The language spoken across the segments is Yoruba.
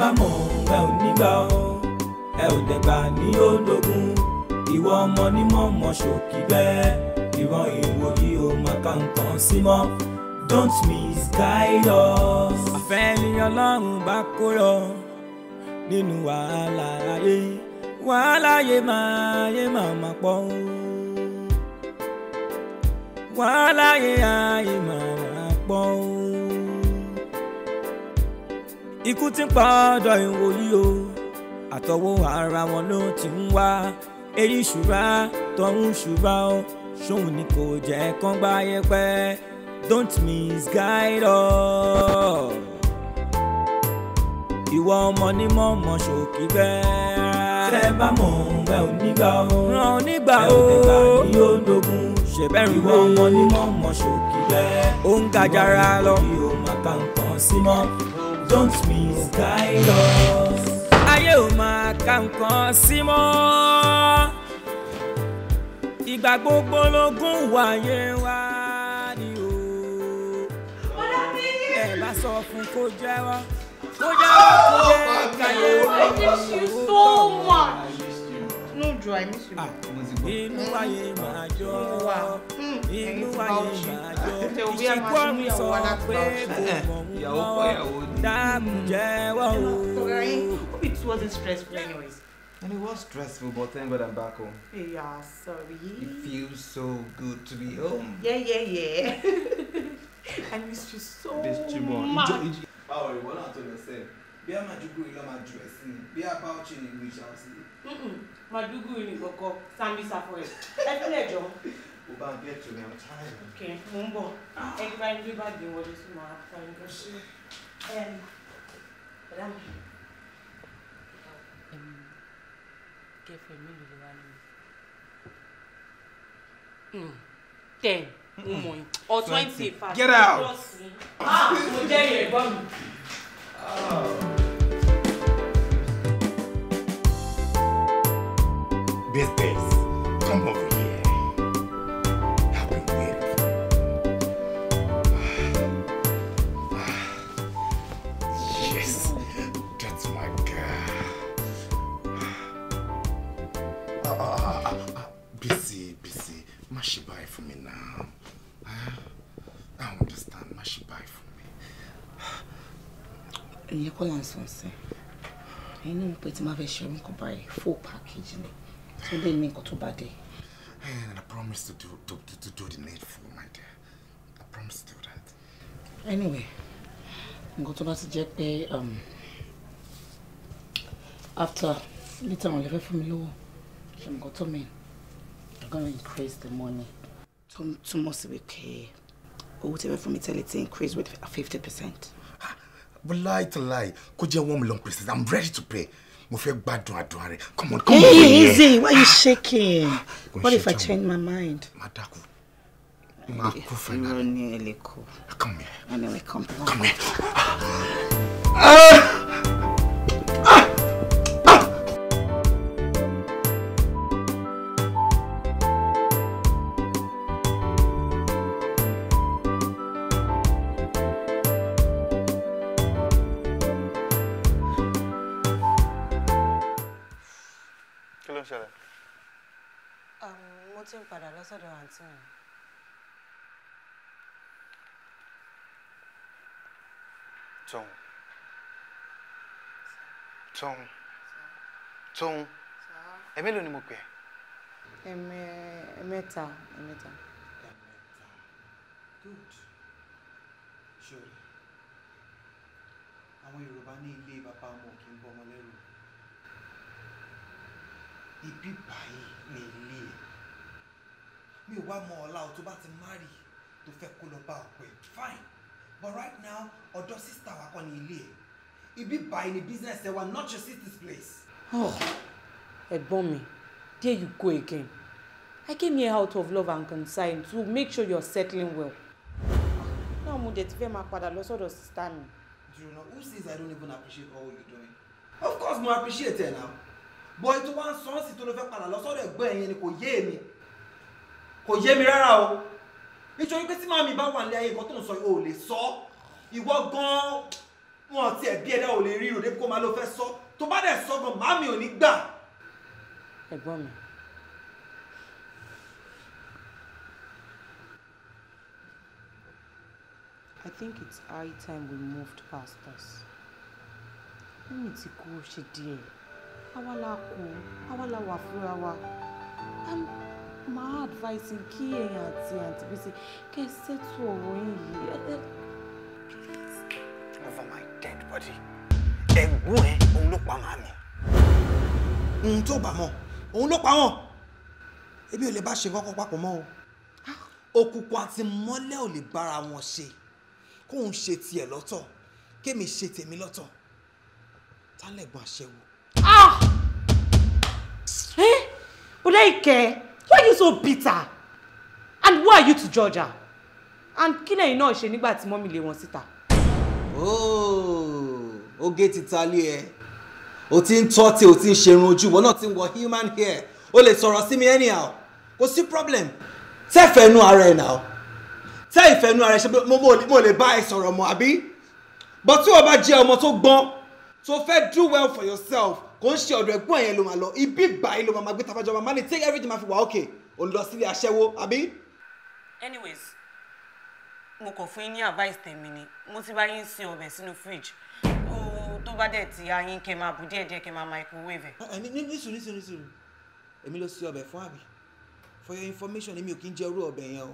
bá mọ̀ ẹ ò ní gbà ọ́ ẹ ò dẹ̀gbà ní òdògún ìwọ ọmọ ní mọ̀mọ́ ṣòkì bẹ́ẹ̀ ìran ìwòyí ò máa ka nǹkan sí mọ́ don't misguide us. àfẹ́ ni ọlọ́run bá kó lọ nínú wàhálà ayé wàhálà yé máa yé máa máa pọ̀ o wàhálà yé ayé máa máa pọ̀ o ikú ti ń pàdọ̀ ìwòyí o àtọwọ́ ara wọn ló ti ń wá eré ìṣúra tọ̀hún ṣúra o ṣóun ni kò jẹ́ kán gbá yẹpẹ́ don't misguide us. ìwọ ọmọ ní mọ̀mọ́ ṣòkì bẹ́ẹ̀. tẹ́ bá mọ̀ ẹ ò nígbà o. ràn nígbà o. ẹ ò nígbà ni yóò dogun. ṣèbẹ̀rù ìwọ ọmọ ní mọ̀mọ́ ṣòkì bẹ́ẹ̀. ó ń gajara lọ. ìwọ ọmọ ìyó màkà nǹkan sí mọ́ don't misguide us. ayé ò máa ka nǹkan sí mọ́ ìgbà gbogbo lógún wáyé wá ni o. ẹ bá sọ fún kó jẹ́wọ́ kó jẹ́wọ́ kó jẹ́ káyé wọ́n. I miss you so much no ojú àìní sùúrù. inú ayé máa jọ inú hmm, ayé máa jọ ìṣìkú ọ̀run sọ pé kò mọ̀ wọ́n dáàbò jẹ́wọ́ o. it wasn't stressful anyways. And it was stressful, but thank God I'm back home. Yeah, sorry. It feels so good to be home. Yeah, yeah, yeah. I missed you so much. you much. How are you? tó lọ sẹ́ẹ̀, bí a Be a gbòòrò lọ́ọ́ máa jù ẹ̀ sí ni, bí a bá ọ̀chẹ́ ni we shall Madugu ni koko, Sambisa forest. Ẹ jọ. O bá ń get to me, I'm tired. Okay, mo ń bọ̀. Ah. Ẹ gba ilé báàgì wọlé sí ma fa ẹgbẹ́. bàdá mi? Kẹfẹ́ mélòó ló wá lóyún? Hmm. Ten, mo mọ̀ yín. Or twenty five. Get out! Ah, mo jẹ́ ìrẹ̀gbọ́n mi. Ah. Business, come over here. I've been waiting. Yes, that's my girl. Uh, uh, uh, uh, busy, busy. Má ṣe báyìí fún mi now. Uh, I understand. Má ṣe báyìí fún mi. Ìyẹn kọ́ là ń sọ sí. Ẹni mo pé tí máa fẹ́ ṣe full package so they ní nǹkan tó bá and I promise to do to, to, to do the needful my dear I promise to do that. anyway I'm nǹkan tó bá ti pay. Um, after later on lè fẹ́ fún mi lówó ṣe nǹkan tó mean I'm gonna increase the money tó túmọ̀ sí wípé owó tẹ́fẹ́ fún mi tẹ́lẹ̀ ti increase with fifty percent. Ah, but lie to lie Could you want me long percent I'm ready to pay mo fẹ́ gbádùn àdùn rẹ come on come on. Hey, easy why you shaking ah, what if I change my mind. má dákú má kú fẹ́ náà. come here. come here. come ah. here. Ah. ẹ̀mélòó ni mo pè ẹ́. ẹ̀mẹ ẹ̀mẹ́ta ẹ̀mẹ́ta. ẹ̀mẹ́ta good sure àwọn yorùbá ní ilé bàbá ọmọ kì í bọ́ ọmọ lẹ́rù ibi báyìí ni ilé ẹ̀ mi ò wá mọ ọ̀la ọ̀ tó bá ti márì tó fẹ́ kó lọ bá ọ̀pẹ fine but right now ọ̀dọ́ sísítà wa kọ́ ni ilé ẹ̀ ibi báyìí ni business ẹ̀ wà not your sister's place. Oh. Egbomi, there you go again. I came here out of love and concern to make sure you're settling well. Now mo dẹ̀ ti fẹ́ máa padà lọ sọ́dọ̀ sister mi. Juruna, who says I don't even appreciate all you're doing? Of course mo appreciate ẹ now. Boy tó wá ń sọ sí tó lọ fẹ́ padà lọ sọ́dọ̀ ẹ̀gbọ́n ẹ̀yẹn ni kò yé mi. Kò yé mi rárá o. Nítorí pé tí màmí bá wà ní ayé nǹkan tó ń sọ yìí, ò lè sọ. Ìwọ gan-an wọn ti ẹ̀bí ẹ̀dá ò lè rí ìròdé kó máa lọ fẹ́ sọ. Tó bá dẹ̀ sọ gan, màmí ò ní gbà ẹ̀gbọ́n mi. I think it's high time we moved past us. Mímì ti kú ṣe díẹ̀. Àwa la kú, àwa la wà fúnra wa. And màá advice kí èèyàn àti àǹtí Bísí kẹ́ ẹ ṣètò ọ̀rọ̀ yín yìí. Over my dead body. Ẹ̀gbọ́n ẹ̀ òun ló pa màmí. Ohun tó bá mọ̀ òun ló pa wọn èmi ò lè bá ṣe kọ́kọ́ papọ̀ mọ́ o òkùnkùn àti mọ́lẹ̀ ò lè bára wọn ṣe kóun ṣe tiẹ̀ lọ́tọ̀ kémi ṣe tèmi lọ́tọ̀ tálẹ̀gbọ́n àṣẹwò. Ah! ẹ Ọláìkẹ́ why you so bitter and who are you to judge her and kí lẹ́yìn náà ṣe nígbà tí mọ́mí lé wọn síta. ooo oh, oge ti ta lé ẹ o ti ń tọ́ tí o ti ń ṣerun ojú ìwọ náà ti ń wọ human hair o lè sọ̀rọ̀ sí mi anyhow kò sí problem tẹ́ ìfẹ́nu ara ẹ̀ náà tẹ́ ìfẹ́nu ara ẹ̀ ṣe mo lè bá ẹ sọ̀rọ̀ mọ́ àbí but tí wọ́n bá jẹ́ ọmọ tó gbọ́n tó fẹ́ do well for yourself kò ń ṣe ọ̀dọ̀ ẹ̀gbọ́n ẹ̀yẹn ló máa lọ ibi báyìí ló máa gbé tafájọ́ máa ní take everything máa fi wà okay ò lọ sílé aṣẹ́wó àbí. anyways mo kàn fún yín ní advice tèmi ni mo ti bá yín sin ọbẹ̀ sínú fridge tó bá dẹ̀ ti ayin kẹ́ máa bù díẹ̀ díẹ̀ kẹ́ máa microwave ẹ̀. ẹ̀mí ní sùúrù ní sùúrù èmi ló ṣe ọbẹ̀ fún àbí for your information èmi ò kí ń jẹ irú ọbẹ̀ yẹn o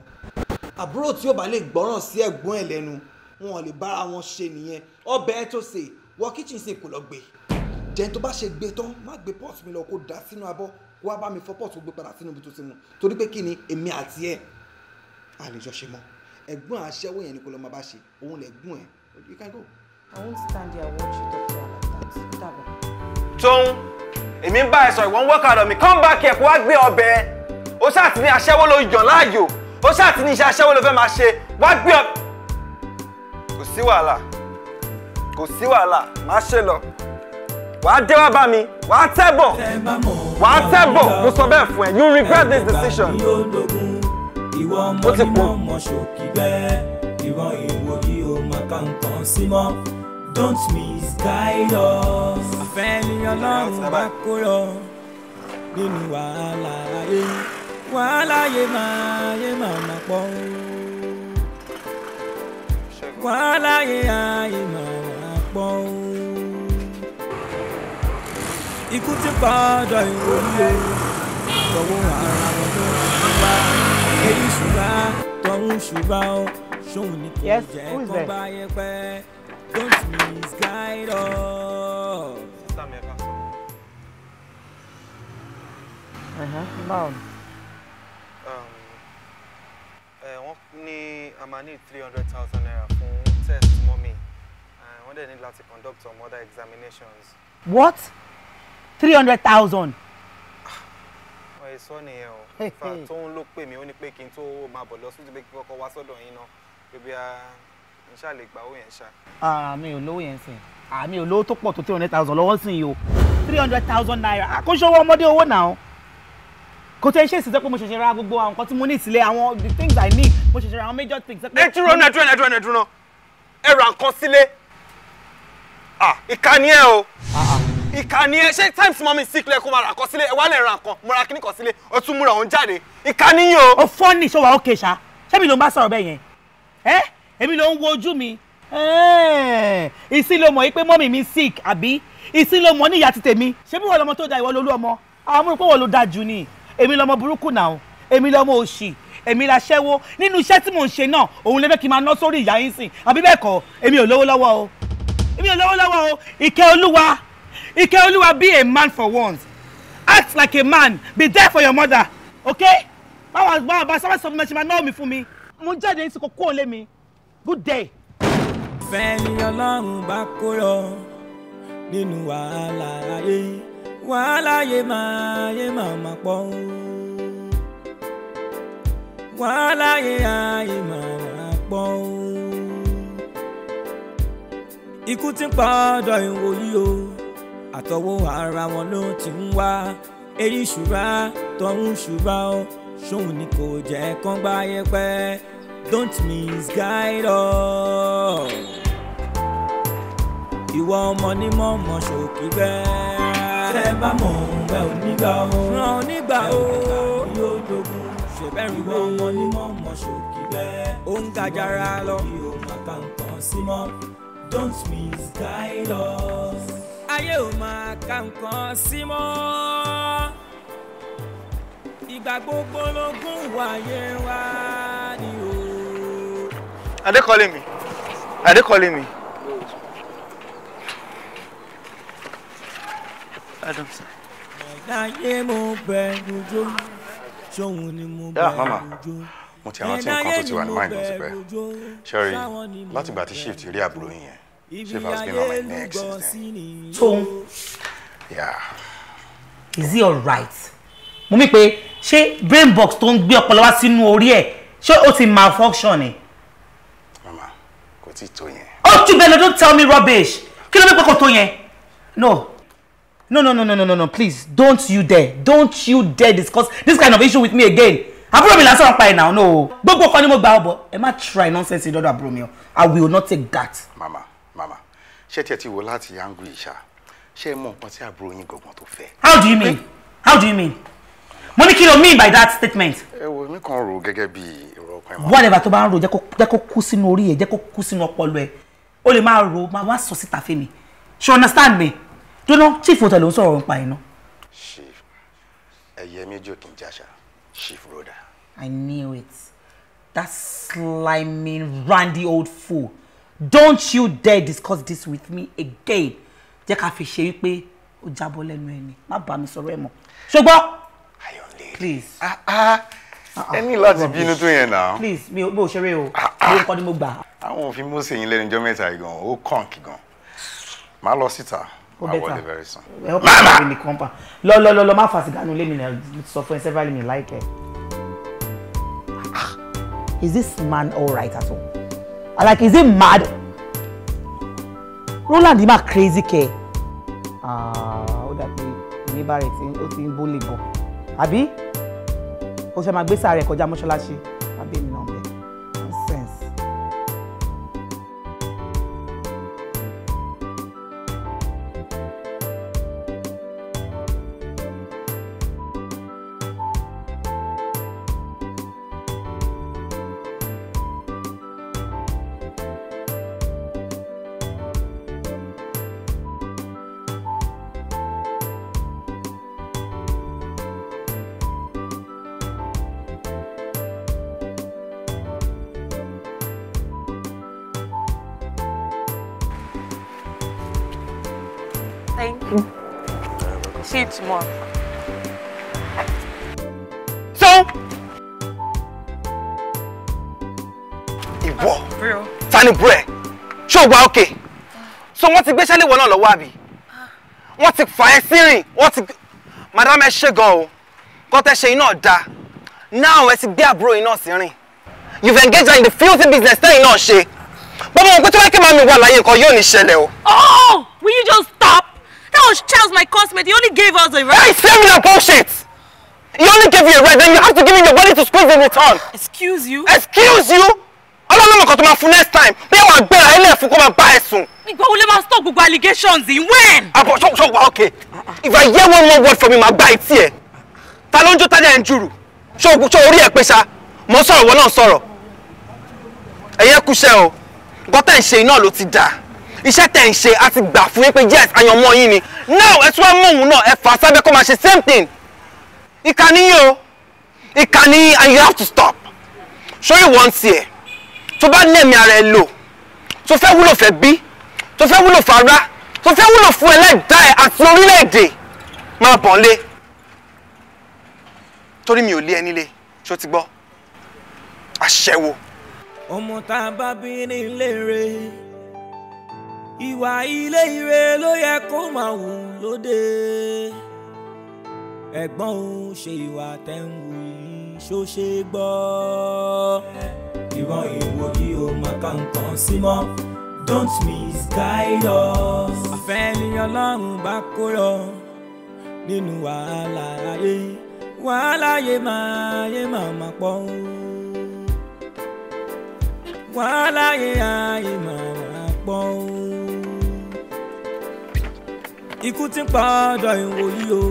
àbúrò tí ó bá lè gbọ́ràn sí ẹ̀gbọ́n ẹ̀ lẹ́nu wọn ò lè bára wọn ṣe nìyẹn ọbẹ̀ ẹ tó ṣe wọ kitchen sink kò lọ gbé jẹun tó bá ṣe gbé tán má gbé pot mi lọ kó dà sínú abọ́ kó wá bá mi fọ pot kó gbé padà sínú ibi tó ti mu torí pé kí ni èmi àti ẹ àlejò ṣe mọ ẹ̀gbọ́n àṣẹwó yẹn ni kò lọ máa bá ṣe òun lẹ̀gbọ́n ẹ you can go. I you talk to her like that. Dàbọ̀. Tóun, èmi ń bá ẹ sọ ìwọ̀n wọ́ọ̀kà ọ̀dọ̀ mi, come back here kó wá gbé ọbẹ̀ ẹ. Ó ṣáà ti ní aṣẹ́wó ló yàn láàyò. Ó ṣáà ti ní iṣẹ́ aṣẹ́wó ló fẹ́ máa ṣe. Wá gbé ọ. Kò sí wàhálà. Kò sí wàhálà. Má ṣe lọ. Wàá dé wá bá mi. Wàá tẹ́bọ̀. Wàá tẹ́bọ̀. Mo sọ bẹ́ẹ̀ fún ẹ. You regret this decision. Ó ti pọ̀ máa ka nǹkan sí mọ́ don't misguide us. àfẹ́ ni ọlọ́run bá kó lọ nínú wàhálà ayé wàhálà yé máa yé máa máa pọ̀ wàhálà yé ayé máa máa pọ̀ ikú ti pa ọ̀dọ̀ ìwòye lọ́wọ́ ara wọn tó ń bá èyí ṣùgbọ́n tó ń ṣùgbọ́n ṣóun ní kò jẹ́ kó bá yẹ pẹ́ don't misguide us. báwo um, wọ́n ní a máa three hundred thousand naira fún test mọ́mì wọ́n dẹ̀ ní láti conduct some other examinations. what three hundred thousand ah, ẹ sọ nìyẹn o ìfà tóun ló pè mí ó ní pé kí n tó máa bọ̀ lọ sí ti pé kí kọ́kọ́ wá sọ́dọ̀ yín náà pé bí a n ṣáà lè gba owó yẹn ṣá. àmì ò lówó yẹn sìn àmì ò tó pọ̀ tó three hundred thousand lọ́wọ́ sìn yìí o three hundred thousand naira àkóso owó ọmọdé owó náà kò tẹ́ ṣe ìsìnkú mo ṣẹ̀ṣẹ̀ ra gbogbo àwọn nǹkan tí mo ní ìsìlẹ̀ àwọn the things i need mo ṣẹ̀ṣẹ̀ ra àwọn major things. ẹ dúró náà dúró náà dúró náà dúró náà ẹ ra nǹkan sílé ìkànnì ẹ o ìkànnì ẹ ṣé times mọ́mí sick lẹ́kọ̀ọ́ máa ra nǹkan sílé ẹ wá lè ra nǹkan mo ra kíní kan sílé ó tún múra òun jáde ìkànnì yìí o. o fọ́ ní ìṣòwò àwọn kèṣà ṣé ló ń bá sọ̀rọ̀ bẹ́ẹ̀ yẹn ẹ́ èmi ló ń wo ojú mi ìsín ló mọ̀ yí pé mọ́mì mi sick àbí ìsín ló mọ̀ ní ìyá ti tèmi ṣé bí wọ́n lọmọ tó da ìwọ lolú ọmọ àwọn amúrò pé wọ́n ló da jù ni èmi lọmọ burúkú náà èmi lọmọ òṣì èmi la ṣẹ́wó nínú iṣẹ́ tí mò ń ṣe náà òun lè fẹ́ kí n máa ná sórí ìyá yín sìn àbí bẹ́ẹ̀ kọ́ èmi ò lówó lọ́wọ́ o èmi ò lówó lọ́wọ́ o ìkẹ́ olúwa ìkẹ́ olúwa be a man for once act like a man be there for your mother okay báwa báwa bá sábà sọ fún mi ṣe máa ná omi fún mi mo jáde ní sikọ kó o lé mi good day. ìfẹ́ ọlọ́run bá kó yọ nínú wàhálà ayé wàhálà yé máa yé máa pọ̀ wàhálà yé ayé máa pọ̀ ikú ti ń pa ọ̀dọ̀ ìwòyí o àtọwọ́ ara wọn ló ti ń wá èyí ṣùgbọ́n tọ̀hún ṣùgbọ́n o ṣóun ni kò jẹ́ kán gbá yẹpẹ́ don't misguide us. ìwọ ọmọ ní mọ̀ mọ̀ ṣòkì bẹ́ẹ̀. tẹ́ bá mọ̀ ẹ ò nígbà o. ràn ọ́ nígbà o. yóò dogun ṣèbẹ̀rù ìwọ ọmọ ní mọ̀ mọ̀ ṣòkì bẹ́ẹ̀. ó ń gajara lọ. ìwọ máa ka nǹkan sí mọ́ don't misguide us. ayé ò máa ka nǹkan sí mọ́ ìgbà gbogbo lógún wáyé wá ni o. Are they calling me? Are they calling me? Adam sir. Ẹ̀dáyé mo bẹ̀rù jó, ṣòun ni mo bẹ̀rù jó. Mo ti àwọn tí nǹkan tó ti wà ní mind lọ sí pẹ́. Ṣẹ́rí, láti ìgbà tí shift rí àbúrò yín yẹn, shift has been on my neck since then. Tóun. Yeah. Is he alright? mo mí pé ṣé brain box tó ń gbé ọpọlọ wá sínú orí ẹ ṣé ó ti malfunction ni. mama kò tí ì tó yẹn. ó tún bẹ́ẹ̀ lọ don't tell me rubbish kí ló ń pẹ́ kò tó yẹn no no no no no no no please don't you dare don't you dare discuss this kind of issue with me again àbúrò mi lásán pa ẹ̀ náà no gbogbo ọkọ ni mo gbà ọ bọ ẹ má try nonsense lọ́dọ̀ àbúrò mi o i will not take that. mama mama ṣé tiẹ̀ ti wo láti yangu ìṣá ṣé ẹ mọ nǹkan tí àbúrò yín gbọ̀ngàn tó fẹ́. how do you mean how do you mean mo ní kí ló mean by that statement. ẹ wo mi kàn rò gẹ́gẹ́ bí èrò ọkọ ẹ̀ máa. whatever tó bá ń rò jẹ́ kó kú sínú orí ẹ̀ jẹ́ kó kú sínú ọpọlọ ẹ̀ o lè máa rò máa wá sọ síta fún mi ṣe understand me dúnà chief hotel ló ń sọ̀rọ̀ nípa iná. chief ẹyẹ méjì ò kì í jàṣà chief roda. i knew it that sliming randy old fool don't you dare discuss this with me again jẹ́ ká fi ṣe wípé ó jábọ́ lẹ́nu ẹni má bá mi sọ̀rọ̀ ẹ̀ mọ́ ṣùgbọ́n please. ah ah Any ah, ah. lads láti bínú tó yẹn now? please me, ò bó o ṣeré o mi ò kọ́ ni mo gbà. àwọn òfin mose yín lẹ́nu ọjọ́ mẹ́ta gan ó kàn kí My lost it. I want wọlé very soon. ẹ ó pàṣẹ mi nìkan pa lọ lọ lọ lọ má fa sìgá nu lémi náà sọ fún ẹ several mi láìpẹ́. Ah, is this man alright at all like is he mad Roland ma crazy care. ó dàbí oníbàárẹ̀ tí ó ti ń bó lè bọ̀ àbí ó fẹ́ máa gbé sàárẹ̀ kọjá mọ́ṣáláṣí ti gbéṣẹ́ léwọ́ náà lọ́wọ́ àbí wọ́n ti fà ẹ́ sírìn wọ́n ti madam ẹ ṣe gan o kọ́tẹ́ ṣe iná da now ẹ ti gbé àbúrò iná sí rìn you've engaged her in the filthy business tẹ́yìn náà ṣe bọ́bọ́ wọn pé tí wọ́n kí máa mi wà láyé nǹkan yóò ní ṣẹlẹ̀ o. oh will you just stop that was Charles my cosmate he only gave us a ride. hey save me bullshit he only gave you a ride then you have to give me your body to squeeze in return. excuse you. excuse you ọlọ́run mọ̀kàn tó máa fún next time bí àwọn àgbẹ̀rẹ̀ ayélujára fún kó máa bá ẹ sùn. ìgbà wo lè máa stop gbogbo allegations yìí when. àbọ̀ ṣọ́ ṣọ́ wa okay if I hear one more word from you màá gbá etí ẹ̀ ta ló ń jó tájà ẹ̀ ń jùrù ṣọ́ orí ẹ̀ pé ṣá mo sọ̀rọ̀ wọ́n náà sọ̀rọ̀ ẹ̀yẹ́ kúṣẹ́ o gọ́tẹ̀ ń ṣe iná ló ti dáa iṣẹ́ tẹ̀ ń ṣe a ti gbà fún yín pé yes àyànmọ́ yín ni now ẹ tún wá mú òun náà ẹ fà sábẹ́ kó máa ṣe same thing ìkànnì yìí o ìkànnì and you have to stop ṣó ìwọ ń tiẹ̀ tó bá nẹ̀mí ara ẹ lò tó fẹ́ wúlò fẹ́ bí tó fẹ́ wúlò fara tó fẹ́ wúlò fún ẹlẹ́dàá àti orílẹ̀-èdè máa bọ̀ lé torí mi ò lé ẹni lé ṣó ti gbọ́ aṣẹ́wó. ọmọ tá a bá bí nílé rẹ ìwà ilé ire ló yẹ kó máa wù lóde ẹ̀gbọ́n ò ṣe ìwà tẹ̀ ń wù yìí ṣó ṣe gbọ́ ìran ìwòyí ò má ka nǹkan sí mọ́ don't misguide us. àfẹ́ ni ọlọ́run bá kó lọ nínú wàhálà ayé wàhálà yé máa yé máa máa pọ̀ o wàhálà yé ayé máa máa pọ̀ o ikú ti ń pa ọ̀dọ̀ ìwòyí o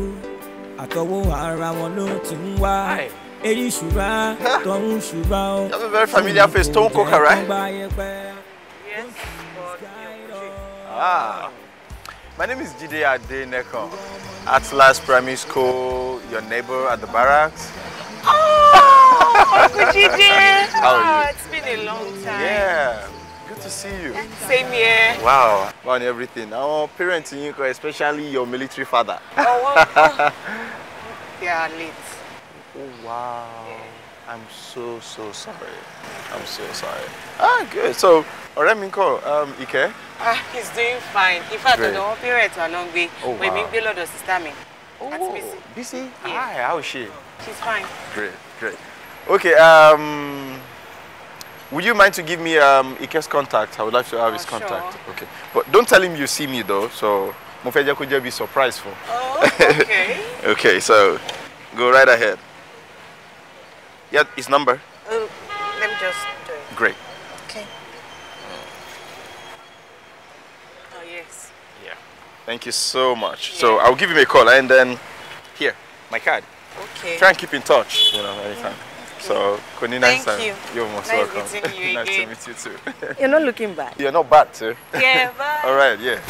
àtọwọ́ ara wọn ló ti ń wá. Hey eri ṣùgbọ́n tọ̀hún ṣùgbọ́n o. that's a very familiar face Tom Coker right. yes but ah my name is Jide Adeneko Atlas Primary School your neighbor at the barracks. Oh, Uncle Jide. How are you? Oh, it's been a long time. Yeah. Good to see you. Same here. Wow, on everything. Our parents in Yuko, especially your military father. Oh, well, they are late. Oh, wow. I'm so, so sorry. I'm so sorry. Ah, good. So, alright, Minko. um, Ike? Ah, he's doing fine. In fact, Great. ọ̀dọ̀ wọn parents wà ló ń gbé. Oh, wow. Wọ́n mi ń Oh, Bisi. Bisi? Yeah. Hi, how is she? She's fine. Great, great. Okay, um, would you mind to give me um, Ike's contact? I would like to have oh, his contact. Sure. Okay. But don't tell him you see me though, so Mofeja could just be surprised for. Oh, okay. okay, so go right ahead. Yeah, his number. Uh, let me just do it. Great. Okay. Oh, yes. Yeah. Thank you so much. Yeah. So I'll give him a call and then here, my card. Okay. Try and keep in touch, you know, anytime. Okay. So, Konina, thank you. You're most nice welcome. Meeting you nice again. to meet you too. you're not looking bad. You're not bad too. Yeah, bye. All right, yeah.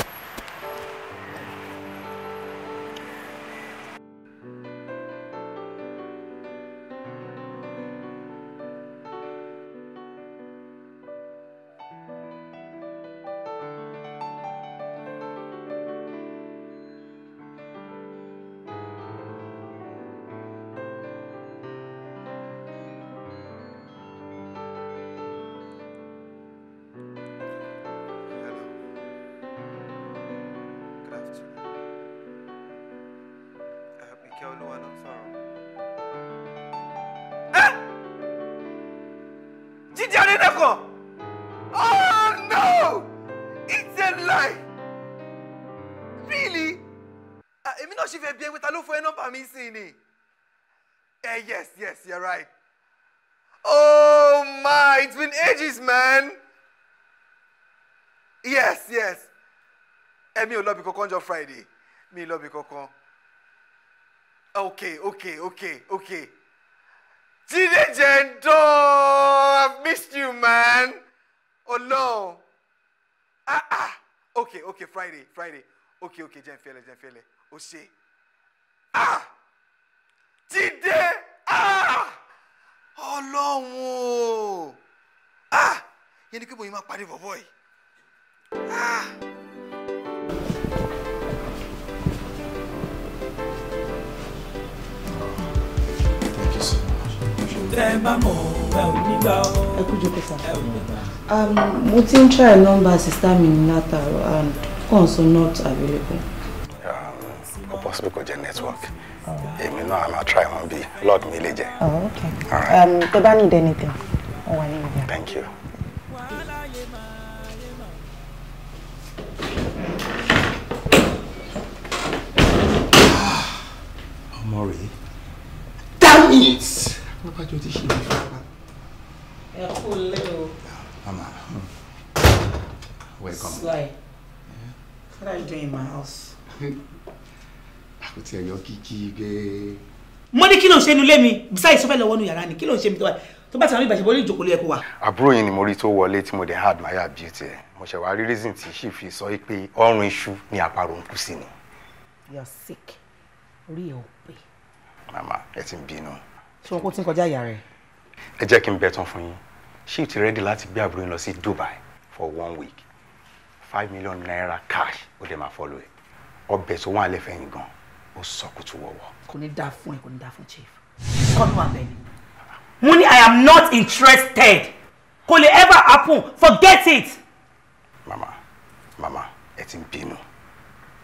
Tijani Neko! Oh no! It's a lie! Really? Èmi náà ṣe fẹ́ bí ewé ta ló fọ ẹ nọ́mbà mi sí ni. Eh yes yes you're right. Oh my it's been ages man. Yes yes. Èmi eh, ò lọ bí kankan jọ Friday. Mi ò lọ bí kankan. Okay okay okay okay. Jídé Jẹ̀ǹdọ́ I've missed you man oh no ah ah okay okay Friday Friday okay okay jẹ́ nfẹ́lẹ̀ jẹ́ nfẹ́lẹ̀ o ṣe ah Jídé ah ọlọ́run o ah yẹn ni kí bóyá máa parí bọ̀bọ̀ yìí ah. tẹ́ ẹ um, mo ti ń try number sista mi ní látàrọ and also not available. ó pọ̀ síbi kò jẹ́ network èmi náà a try wọn bí lord mi lè jẹ. Oh, um, tẹ bá need anything ó wà nínú ìyá. thank you. Ọlábàjọ́ ti ṣe ìfẹ́ wa. ẹ kú lé o. mama hmm. welcome. Sly what are you doing in my house. àkùtì ẹ̀yọ́ kíkí gẹ́. mo ní kí ló ń ṣe inú ilé mi Besides, sọfẹ́ lọ́wọ́ nu yàrá ni kí ló ń ṣe mi tó wà tó bá ti àwọn ìbàṣẹ́ bọ́lú ìjòkó lé ẹ̀kọ́ wa. àbúrò yìí ni mo rí tó wọlé tí mo dẹ̀ my àdúrà bíi tiẹ̀ mo ṣẹ̀ wá rí reason tí sì fi sọ pé ọrùn iṣu ni àparò ń kú sí ni. you are sick orí ẹ̀ ò pé. mama ẹ ti ń bínú ṣé wọn kò tí ń kọjá ìyá rẹ. ẹ jẹ́ kí n bẹ̀ tán fún yín ṣíìtì rẹ́dì láti gbé àbúrò yín lọ sí Dubai for one week five million naira cash ó dẹ̀ máa follow ẹ̀ ọbẹ̀ tó wọ́n alẹ́ fẹ̀yìn gan ó sọ kùtù wọ̀wọ̀. kò ní dáa fún ẹ kò ní dáa fún chief kọ́nù abẹ́ni. mo ní i am not interested kò lè ever happen forget it. mama mama ẹ ti ń bínú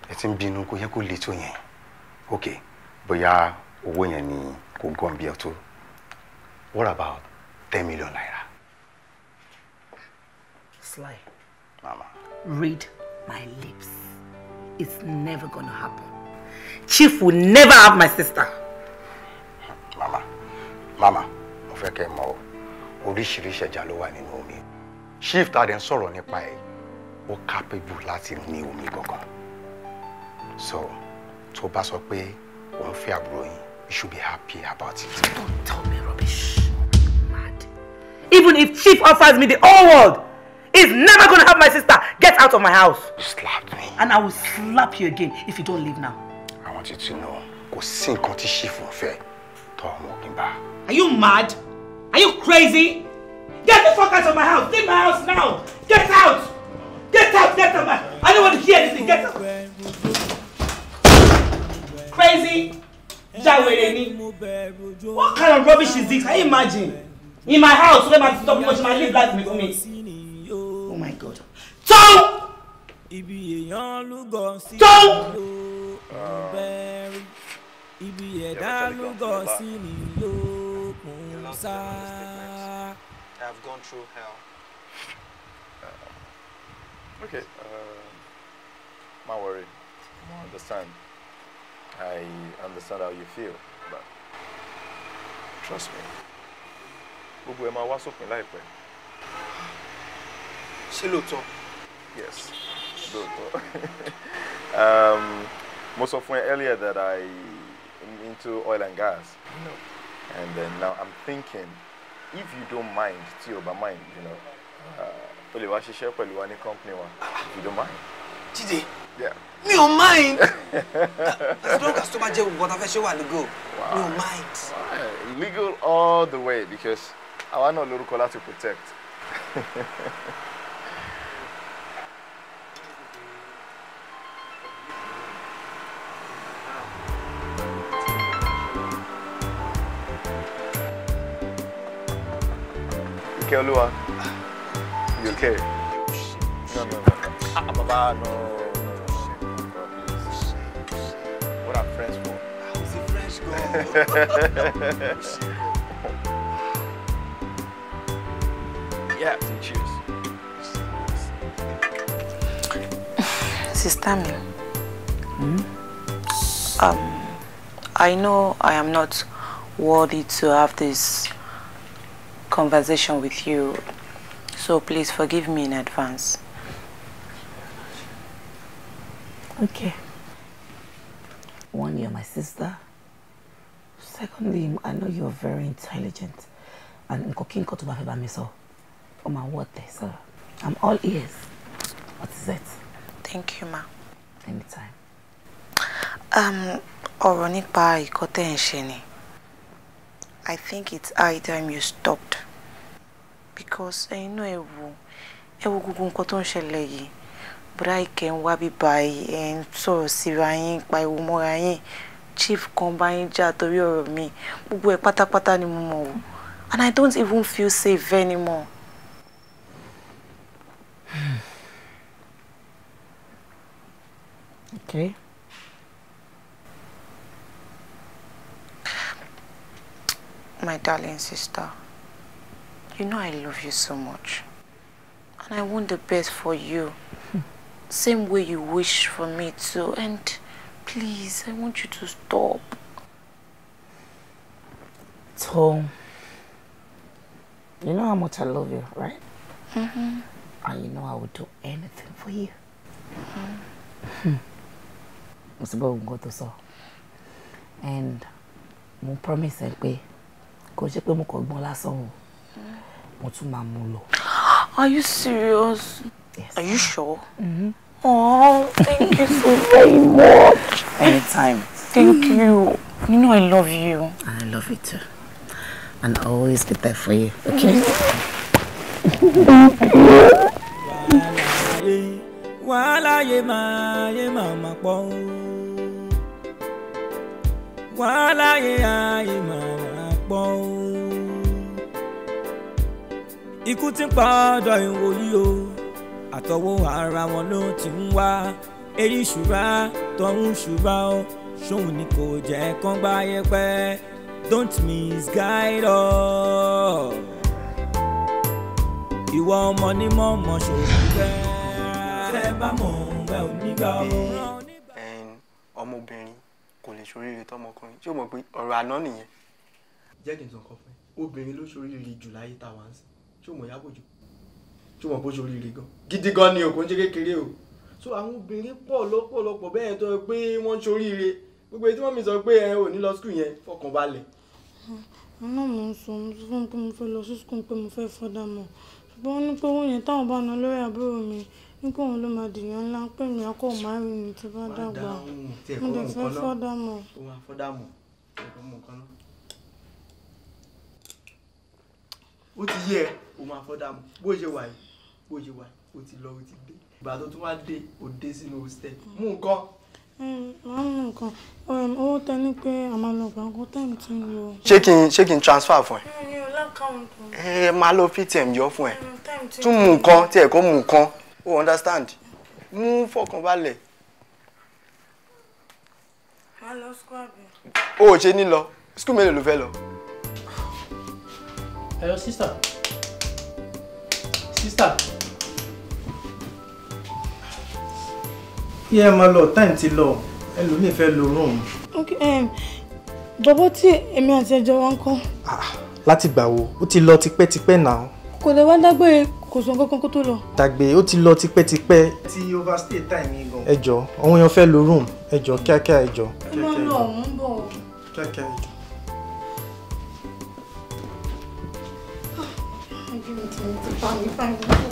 ẹ ti ń bínú kò yẹ kó le tó yẹn ok bóyá owó yẹn ni kò gàn bí ọtún what about ten million naira. Sly, Mama. read my lips. It's never gonna happen. Chief will never have my sister. Mama, Mama, mo fẹ́ kẹ́ ẹ mọ̀ ọ́, oríṣiríṣi ẹja ló wà nínú omi. Chief tá a dẹ̀ ń sọ̀rọ̀ nípa ẹ̀, ó capable láti ní omi gangan. So, tó bá sọ pé òun fẹ́ àbúrò yín, You should be happy about it. Don't tell me rubbish. Mad. Even if Chief offers me the whole world, he's never gonna have my sister. Get out of my house. You slapped me. And I will slap you again if you don't leave now. I want you to know. go sí nǹkan tí Chief ń fẹ́ tó back. Are you mad? Are you crazy? Get the fuck out of my house! Leave my house now! Get out! Get out! Get out! I don't want to hear anything! Get out! Crazy! yàwèrè ni what kind of rubbish is this can you imagine in my house wey my sister she my live life before me oh my god tó tó. ibi ẹ̀dá lúgọ̀ sí ni yóò kún sáà. I okay, uh, um, my worry. I understand. I understand how you feel, but trust me. Gbogbo ẹ máa wá sópin láìpẹ́. Ṣé lóòótọ́? Yes, lóòótọ́. um, mo sọ fún ẹ earlier that I am into oil and gas. No. And then now I'm thinking, if you don't mind, tí o bá mind, you know, uh, o lè wá ṣiṣẹ́ pẹ̀lú wa ní company wa, if you don't mind. Jíde. Yeah mi ò mind as long as tó bá jẹ́ gbogbo ọ̀tá fẹ́ ṣe wà legal mi ò mind. legal all the way because àwa náà lórúkọ láti protect. Ike Olúwa, you okay? Oh, no, no, no. Ah, baba, no. yeah, cheers. Sister me. Hmm? Um, I know I am not worthy to have this conversation with you, so please forgive me in advance. Okay. One, you're my sister. secondly i know you're very intelligent and nǹkan kí nǹkan tó bá fẹ́ bá mi sọ ó i'm all ears what is it. thank you ma. anytime. Um, ọ̀rọ̀ nípa ìkọ́ tẹ̀ i think it's high time you stopped because I know ẹ wo gugun wo gbogbo but I can wabi yìí bùrá ìkẹ́ ń wá bíbá chief kan bá yín jà torí ọ̀rọ̀ mi gbogbo ẹ̀ pátápátá ni mo mọ̀ o and I don't even feel safe anymore. Okay. My darling sister, you know I love you so much. And I want the best for you. Same way you wish for me too. And Please, I want you to stop. Tom, you know how much I love you, right? Mm-hmm. And you know I would do anything for you. Mm-hmm. Mr. Bowen go to so. And mo promise ẹ pé kò ṣe pé mo kò gbọ́n lásán o. Mm-hmm. Mo Are you serious? Yes. Are you sure? Mm-hmm. Oh, thank you so very much. Anytime. Thank you. You know I love you. I love you too. And I'll always be there for you, okay? Wàhálà yé máa yé máa máa pọ̀ o. Wàhálà yé ayé máa máa pọ̀ o. Ikú ti pa ọ̀dọ̀ ìwòyí o àtọwọ́ ara wọn ló ti ń wá eré ìṣúra tọ̀hún ṣúra ó ṣòun ni kò jẹ́ kán gbá yẹpẹ́ don't misguide us. ìwọ ọmọ ní mọ̀ mọ̀ ṣòwò pẹ́. tẹ́ bá mọ̀ ọ́n ẹ ò ní gbà ọmọbìnrin kò lè ṣoríire tọmọkùnrin tí ó mọ̀ pé ọ̀rọ̀ àná nìyẹn. jẹ́ kí n sọ fún ẹ obìnrin ló ṣoríire jù láyé táwa ń sìn tí ó mọ̀ yábò jù tí wọ́n bó ṣe oríire gan gidi gan ni òkú ń o so àwọn obìnrin pọ̀ lọ́pọ̀lọpọ̀ bẹ́ẹ̀ tó yẹ pé wọ́n ń ṣoríire gbogbo èyí tí wọ́n mi sọ pé ẹ ò ní lọ skul yẹn fọkàn balẹ̀. àná mo ń sọ mo sọ fún pé mo fẹ́ lọ sí skul pé mo fẹ́ fọ́dà mọ̀ ṣùgbọ́n wọ́n ní pé owó yẹn táwọn bá ná lórí àbúrò mi ní pé òun ló máa dìyàn ńlá pé mi akọ márùn mi ti bá dàgbà mo lè fẹ́ fọ́dà mọ̀. ó ti yẹ o máa fọ́dà mọ̀ bó ṣe wà yìí bó ṣe wà ó ti lọ ó ti dé ìgbà tó tún wá dé ó dé sínú hostel mú nǹkan. wọ́n mú nǹkan owó tẹ ní pé a lọ gbà ọkọ tẹ́ẹ̀mù tí ń lò. ṣé kí n ṣé kí n transfer fún ẹ. mi ò lákàntì. ẹ máa lọ ptm yọ fún ẹ tún mú nǹkan tí ẹ kò mú nǹkan o understand mú fọkànbalẹ̀. máa lọ sukú àbí. o ò ṣe ní lọ sukú mélòó ló fẹ́ lọ. Hello, sister. Sister. yẹ ẹ máa lọ time ti lọ ẹlòmíì fẹ́ lo room. bọ́bọ́ tí èmi àti ẹjọ́ wa ń kọ́. Ah, láti gbà wo ó ti lọ tipẹ́tipẹ́ náà. kò lè wá dágbére kò sọ nǹkan kan kó tó lọ. tàgbé ó ti lọ tipẹ́tipẹ́. ti overstay time yìí gan. ẹ jọ àwọn èèyàn fẹ́ lo room ẹ jọ kíákíá ẹ jọ. ẹ máa lọ ọ̀hún bọ̀. kíákíá ẹ jọ. Thank you.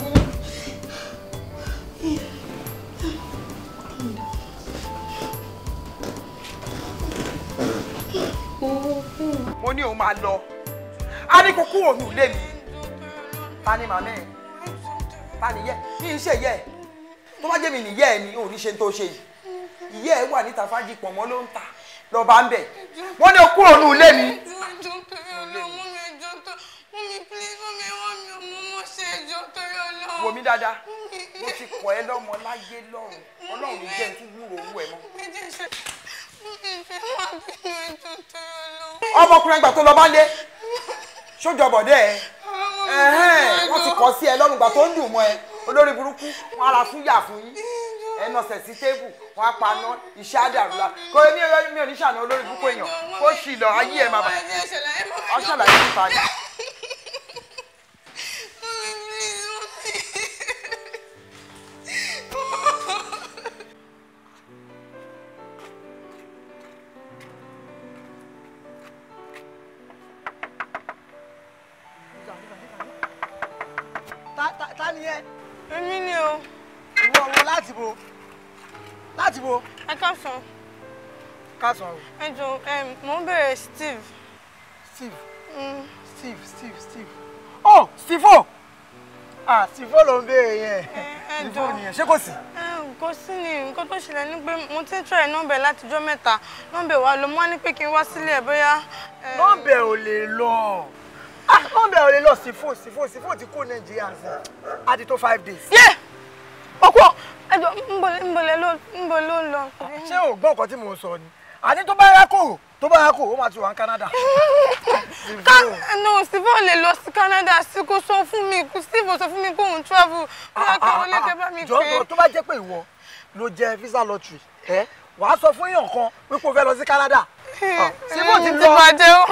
mo ní òun máa lọ a ní kó kúrò ní ilé mi ta ni màmí ẹ ta ni yẹ ní iṣẹ yẹ tó bá jẹ́ mi nìyẹ ẹ ni òun ní ṣe tó ṣe yìí ìyẹ ẹ wà níta fájì pọ̀ mọ́ ló ń ta lọ bá ń bẹ̀ wọ́n ní kúrò ní ilé mi. wo mi dáadáa mo ti kọ̀ ẹ́ lọ́mọ láyé lọ́run ọlọ́run jẹ́ ń tún wúrò owó ẹ̀ mọ́ ọmọkùnrin àgbà tó lọ bá lé sójọ bọ̀dẹ́ ẹ wọ́n ti kọ́ sí ẹ lọ́rùn ìgbà tó ń dùn mọ́ ẹ olórí burúkú wọn ara tún yà fún yín ẹnu ọ̀sẹ̀ sí tébù wọn á paná iṣẹ́ àdàrúlá kò ní mi ò ní ṣàná olórí burúkú èèyàn kó sì lọ ayé ẹ máa bàjẹ́ ọ ṣàlàyé nípa ni. yẹn ṣé kò sí. kò sí ni nǹkan tó ṣẹlẹ̀ ni pé mo ti ń try nọ́mbẹ̀ látijọ́ mẹ́ta nọ́mbẹ̀ wa lọ mo wá ní pé kí n wá sílẹ̀ bóyá. nọ́mbẹ̀ ò lè lọ ah, nọ́mbẹ̀ ò lè lọ sí fóònù sí fóònù sí fóònù ti kó nàìjíríà sí àti tó five days. yé ọkọ ẹjọ ń bọ̀ ló ń lọ. ṣé o gbọ́ nǹkan tí mo sọ ni àní tó bá yá kò tó bá yà kó o máa ti wà ní Canada. no Stephen lè lọ sí Canada sí kó sọ fún mi Stephen sọ fún mi kó òun travel lọ́wọ́ kan olè tẹ bá mi ah. pé. jọ̀wọ́ tó bá jẹ́ pé ìwọ ló jẹ visa lottery ẹ wàá sọ fún yàn kan wípé o fẹ́ lọ sí Canada. Eh, ah, Stephen ti eh, lọ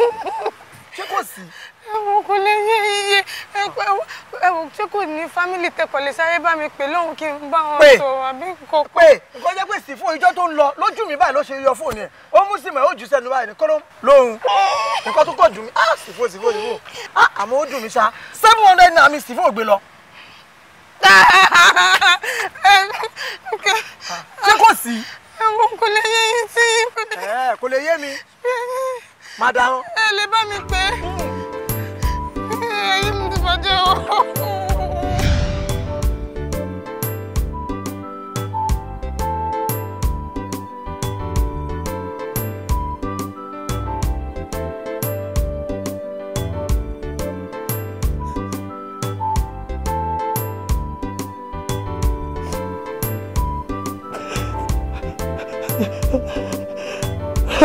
ṣé kò sí ẹ̀wọ̀n kò lè yé iye ẹ̀wọ̀n tí kò ní fámìlì tẹkọ̀ lè sáré bá mi pè lóhùn kí n bá wọn sọ̀rọ̀ àbí kò pé. nǹkan jẹ́ pé sí fún ijọ́ tó ń lọ lójú mi báyìí ló ṣe yọ fóònù ẹ̀ ó mú sí mi ó jù sẹ́nu báyìí kọ́ lóhùn nǹkan tó kọ̀ jù mí ah, sì fún sí fún òyìnbó ah àmọ́ ó dùn mí ṣá seven hundred naira mi sì fún ògbé lọ. ṣé kò sí. ẹ̀wọ̀n kò lè yé yín sí. kò lè yé mi. madam. ẹ lè bá mi pè é. Hmm. 아이고 맞아요.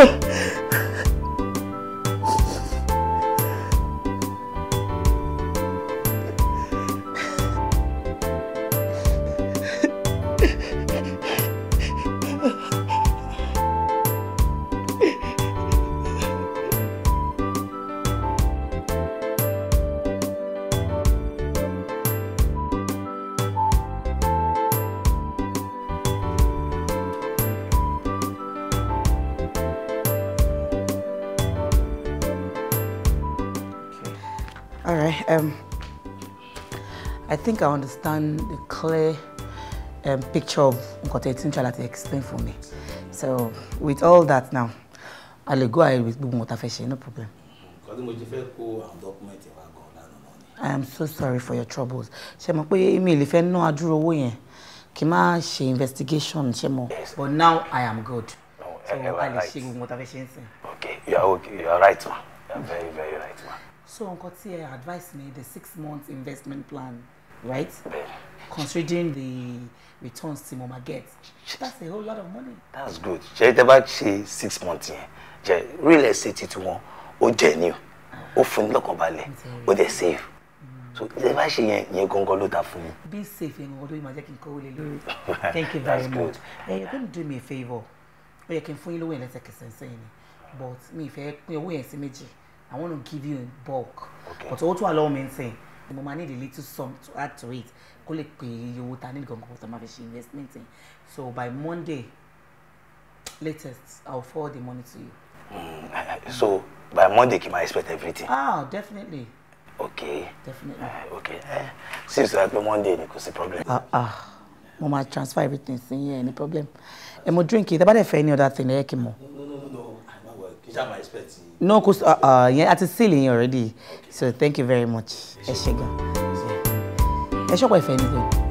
think I understand the clear um, picture of Nkote Etincha that he explained for me. So with all that now, I'll go ahead with Bubu ta no problem. I am so sorry for your troubles. Ṣé mọ̀ pé mi lè fẹ́ ná adúrò owó yẹn investigation ṣé mọ̀. But now I am good. Oh, so I'll see Bubu gbogbo Okay, you are okay. You are right, ma. You are very, very right, ma. So Uncle T, ẹ advice me the six months investment plan right? Considering the returns tí mo get. That's a whole lot of money. That's good. Ṣé tẹ́ bá six months here. Jẹ́ really estate tí wọ́n ó jẹ ní o, ó fún ní lọ́kànbalẹ̀, ó dẹ̀ save. Mm. So tẹ́ bá ṣe yẹn yẹn go ló ta fún mi. Be safe in gangan ló máa jẹ́ kí Thank you very much. Hey, yẹ kí n do me a favor, Ó yẹ kí n fún yín lówó yẹn lẹ́sẹ̀kẹsẹ̀ sẹ́yìn ni. But mi ìfẹ́ pín owó yẹn sí méjì. I want to give you in bulk. Okay. But owó tó wà lọ́wọ́ mi ń sìn mo máa need a little sum to add to it kó lè pè iye owó ta nílùú gangan tó máa fi ṣe investment yẹn so by Monday latest I will forward the money to you. Mm, so by Monday kì í máa expect everything. ah definitely. okay definitely. Uh, okay uh, since like Monday ni kò sí problem. ah ah mo máa transfer everything sí yẹn ní problem ẹ mo drink it ẹ bá dẹ̀ any other thing ẹ yẹ kí n ṣàmà expect. no kò uh, yeah, at the ceiling already so thank you very much ẹ ṣé gan ẹ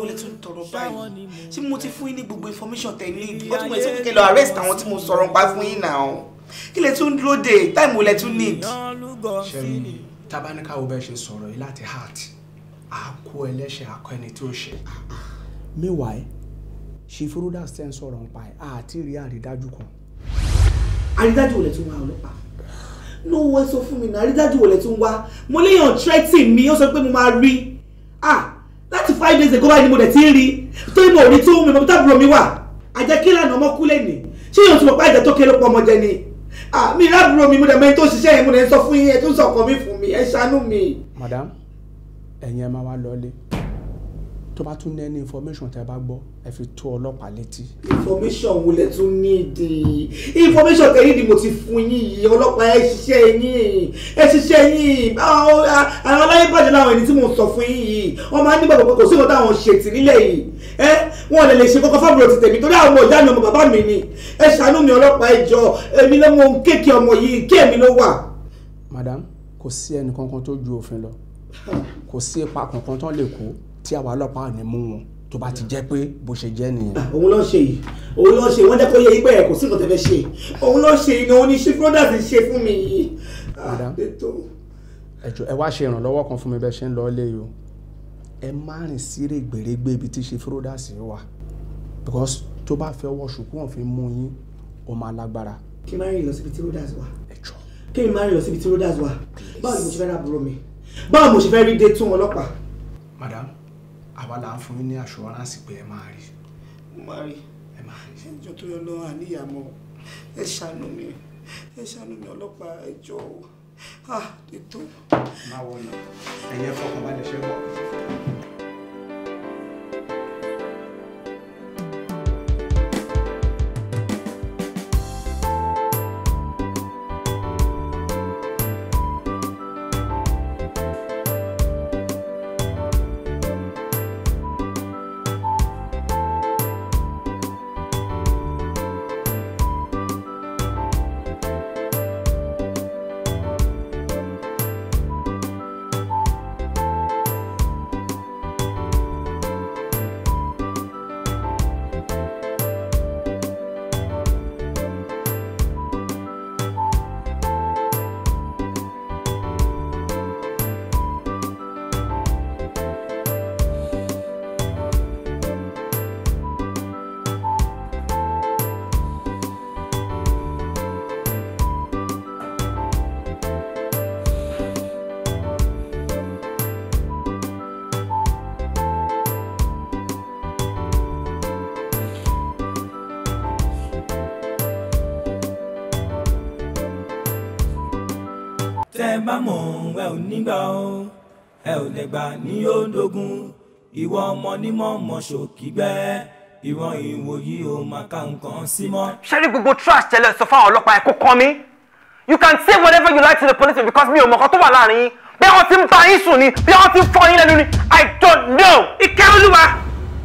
wọ́n lè tún tọrọ báyìí tí mo ti fún yín ní gbogbo information tẹ̀ ní ìdí ó tún mọ̀ lọ arrest àwọn tí mo sọ̀rọ̀ pa fún yín náà kí lè tún dúró dé time mo lè tún need. ṣẹ́mi tabaníkà wo bẹ́ẹ̀ ṣe sọ̀rọ̀ yìí láti heart àkó ẹlẹ́ṣẹ̀ àkọ ẹni tí ó ṣe. meanwhile ṣe fúrúdà ṣe ń sọ̀rọ̀ nípa ẹ̀ àti rí àrídájú kan. àrídájú wo lè tún wá ọlọ́pàá ló sọ fún mi náà àrídájú wo lè tún wá mo léèyàn threatening me ó sọ pé mo máa rí ah five days ago báyìí ni mo dẹ̀ ti ń rí torí mo rí tó mi mo tábìlì mi wà àjẹ́ lànà ọmọ kú lẹ́nìí ṣé yóò tún mọ̀ pé àjẹ́ tó kéré pọ̀ ọmọ jẹ ni mi rábùrọ̀ mi mo dẹ̀ mẹ́rin tó ṣiṣẹ́ yẹn mo dẹ̀ sọ fún yín ẹ tó sọ̀kọ̀ mi fún mi ẹ ṣàánú mi. madam ẹ̀yin ẹ máa wá lọ ilé tó bá tún ní ẹni information tẹ́ bá gbọ́ ẹ fi tó ọlọ́pàá létí. information wo lẹ tún ní ìdí information kẹyìn ni mo ti fún yín yìí ọlọ́pàá ẹ ṣiṣẹ́ yín ẹ ṣiṣẹ́ yín àwọn aláyé bàjẹ́ làwọn ẹni tí mo sọ fún yín yìí wọ́n máa ń nígbàgbọ́ pé kò sí nǹkan táwọn ṣe tì nílẹ̀ yìí ẹ wọn lè lè ṣe kọ́kọ́ fábùrò ti tèmi torí àwọn ọmọ ìyá mi ọmọ bàbá mi ni ẹ ṣàánú mi ọlọ́pàá ẹ jọ èmi ló mọ kéèkì ọmọ yìí kí èmi ló wà. madam kò sí ẹnì kankan tó ju òfin lọ kò sí ipa kankan tán lè kó tí àwa ọlọ́pàá ò ní mú wọn tó bá ti jẹ́ pé bó ṣe jẹ́ nìyẹn. Ah, òun ló ṣe yìí òun ló ṣe wọ́n jẹ́ kó yẹ ibẹ̀ kò sí nǹkan tẹ́fẹ́ ṣe òun ló ṣe yìí ni òun ní ṣe brothers ṣe fún mi yìí. Ah, ẹjọ ẹ wá ṣe ìrànlọ́wọ́ kan fún mi bẹ́ẹ̀ ṣe ń lọ ilé yìí o ẹ má rìn sí règbèrègbè ibi tí ṣe brothers wà because tó bá fẹ́ wọ ṣùkú wọn fi mú yín ó máa lágbára. kí n má rìn lọ síbi tí brothers wà kí n má rìn lọ síbi tí brothers wà báwo ni mo ṣe fẹ́ rà búrò mi báwo mo ṣe fẹ́ rí dé tún ọlọ́pàá. madam àwa là ń fún yín ní assurance pé ẹ máa rí. mo máa rí ẹ máa rí. ṣé ìjọ tó yọ lọ àníyàmọ ẹ ṣàánú mi ẹ ṣàánú mi ọlọ́pàá ẹ o ah ètò. máa wọ ni ẹ̀yin ẹ fọkàn balẹ̀ ṣe ń bẹ́ẹ̀ bá mọ̀ ẹ ò nígbà o ẹ ò lẹ́gbà ní òdògún ìwọ ọmọ nímọ̀ mọ̀ ṣòkígbẹ́ ìwọ ìwòyí o máa ka nǹkan sí mọ́. ṣé ní gbogbo trash tẹ́lẹ̀ sọ fáwọn ọlọ́pàá ẹ̀ kó kọ́ mi you can say whatever you like to the police because mi ò mọ̀ kan tó wà láàrin yín bí wọ́n ti ń bá yín sùn ni bí wọ́n ti ń fọ́ yín lẹ́nu ni i don't know. ìkẹ́ olúwa.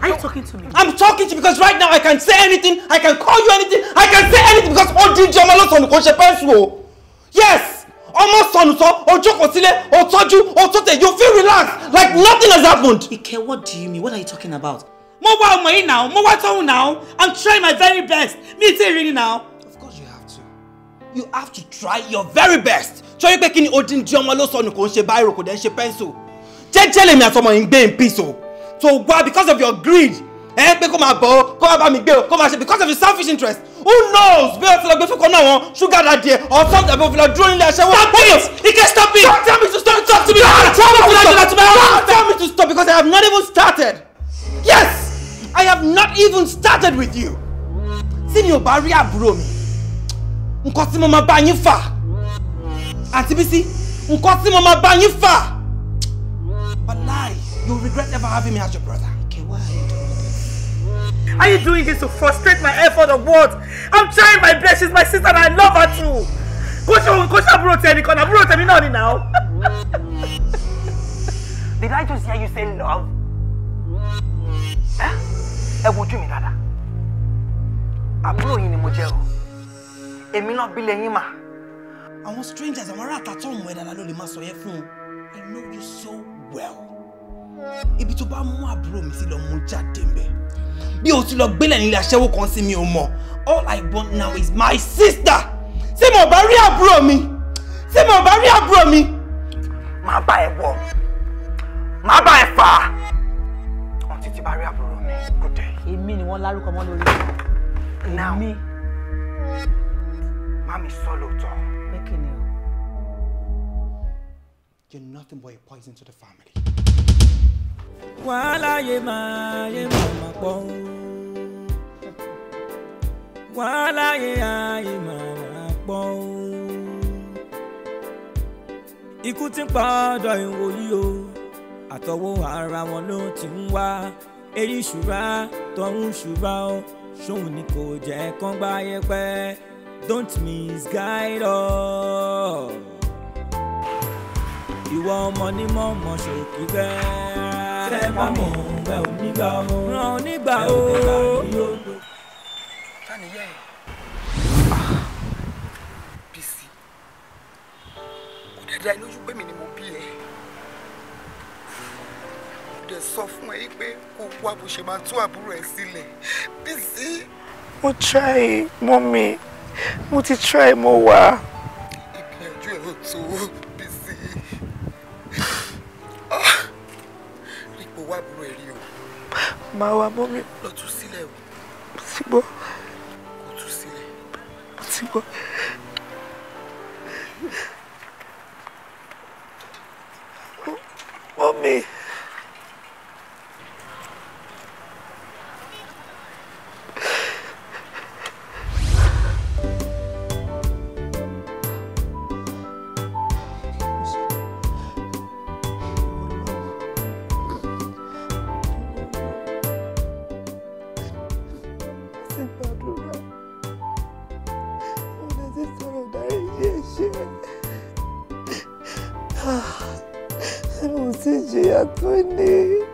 Are you talking to me? I'm talking to you because right now I can say anything, I can call you anything, I can say anything because all DJ Malo Sonu Koshe Pensu. Yes! ọmọ sọnù sọ o jókòó sílẹ̀ o tọ́jú o tọ́tẹ̀ you feel relaxed like nothing has happened. Ike what do you mean what are you talking about. mo wá ọmọ yìí náà mo wá tọ́hún náà I'm trying my very best mi ti rí ni náà. of course you have to you have to try your very best. sọ́yìn pé kí ni odindi ọmọ ló sọnù kò ń ṣe báyìí kò dẹ̀ ń ṣe pẹ́ńsù jẹ́jẹ́ lèmi àtọmọ yìí ń gbé in so wá because of your greed ẹ pé kó máa bọ̀ ọ́ kó máa bá mi gbé o kó máa ṣe because of your selfish interest who knows bí o ti lọ gbé fúnkọ náà wọn sugar dàdí ẹ or something àbí o fi lọ dúró nílé ẹṣẹ wọn. stop it he can stop it. don't tell me to stop talk to me. don't tell me to stop don't tell me to stop because I have not even started. yes I have not even started with you. tí mi ò bá rí àbúrò mi nǹkan tí mo máa bá yín fà àti Bísí nǹkan tí mo máa bá yín fà. Wallahi you regret ever having me as your brother. okay why. Are you doing this to frustrate my effort or what? I'm trying my best. She's my sister and I love her too. Go, Coach àbúrò tẹ̀mí kan àbúrò tẹ̀mí náà ni now. Did I just hear you say love? Eh? wojú you mean, Àbúrò yìí ni in the o. Èmi náà bí lẹ́yìn mà. Àwọn strangers àwọn ará àtàtọ̀ ọ̀mọ̀ ẹ̀dá ló lè máa sọ yẹn fún un. I know you so well ibi tó bá mú àbúrò mi sí lọ mú jáde ń bẹ bí o ti lọ gbélẹ̀ nílé aṣẹ́wó kan sí mi ò mọ̀ all i want now is my sister ṣé mo bá rí àbúrò mi ṣé mo bá rí àbúrò mi. màá bá ẹ wọ màá bá ẹ fà á ọtí ti bá rí àbúrò mi kò dé. èmi ni wọ́n lárúkọ mọ́ lórí èmi. mami sọ lóòótọ́. bẹ́ẹ̀ kì ni o. you're nothing but a poison to the family wàhálà yé máa yé màmá pọ̀ ń wàhálà yé ayé màmá pọ̀ ń ikú ti ń pa ọ̀dọ̀ ìwòyí o àtọwọ́ ara wọn ló ti ń wá èyí ṣùgbà tọ̀hún ṣùgbà o ṣòun ni kò jẹ́ kán gbá yẹpẹ́ don't misguide us ìwọ ọmọ ní mọ̀ọ́mọ̀ ṣòkí bẹ́ẹ̀ tẹ́ bá mọ̀ ẹ ò ní gbà o ràn ò ní gbà o. kánìyẹ Bísí kò dẹ́dẹ́ lójú pé mi ni mo bí mo try mọ́mí mo ti try mo wá. ìgbìyànjú ẹ̀ ò tó Bísí wá àbúrò ẹ̀ o. màá wá mọ́ mi. lọ tú sílẹ̀ o. mo ti gbọ́. kò tú sílẹ̀. mo ti gbọ́. mọ́ mi. 真的。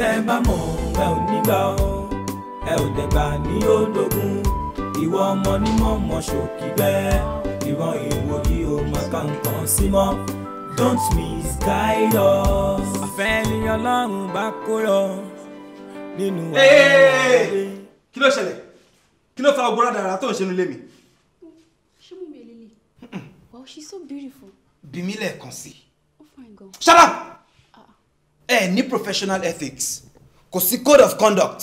tẹ́ bá mọ̀ ẹ ò ní gbà ó ẹ ò dẹ̀gbà ní òdògún ìwọ ọmọ ní mọ̀mọ́ ṣòkì bẹ́ẹ̀ ìran ìwòyí o máa ka nǹkan sí mọ́ don't misguide us. àfẹ́ ni ọlọ́run bá kó yọ nínú ọ̀rọ̀ kí ló ṣẹlẹ̀ kí ló fa ogun rádàrà tó ń ṣe nílé mi. ṣé mo mi èlé lè. she's so beautiful. bìmí lẹ́ẹ̀kan sí i. ó fà shut up ẹ ní professional ethics kò sí code of conduct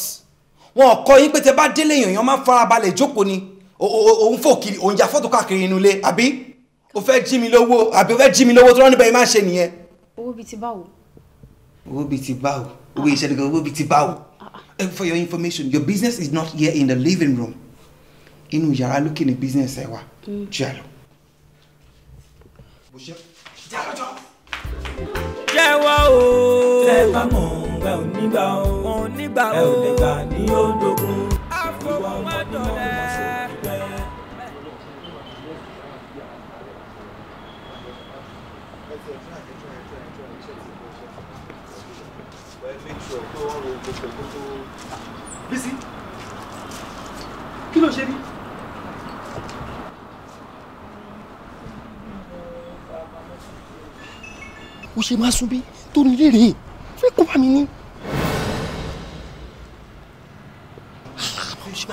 wọn ò kọ́ yín pé tẹ bá délé èèyàn yẹn máa ń farabalẹ̀ jókòó ni òun fò kiri òun jà fọ́tò káàkiri inú ilé àbí o fẹ́ jí mi lówó àbí o fẹ́ jí mi lówó tó lọ́nà ibẹ̀ yìí máa ń ṣe nìyẹn. owó bíi ti báwo. owó bíi ti báwo owó iṣẹ́ nìkan owó bíi ti báwo. for your information your business is not here in the living room inú yàrá lókè ní business ẹ wa mm. jẹ́ àlọ́. jẹ́wọ́ o bẹ́ẹ̀ bá mọ̀ ẹ ò ní gbà ó ẹ ò lè gbà ní ọdọọdún ìwà ọmọdé náà kí ló ṣe bí? Ó ṣe máa sún bí tó ní rírìn. يقوم عميني مش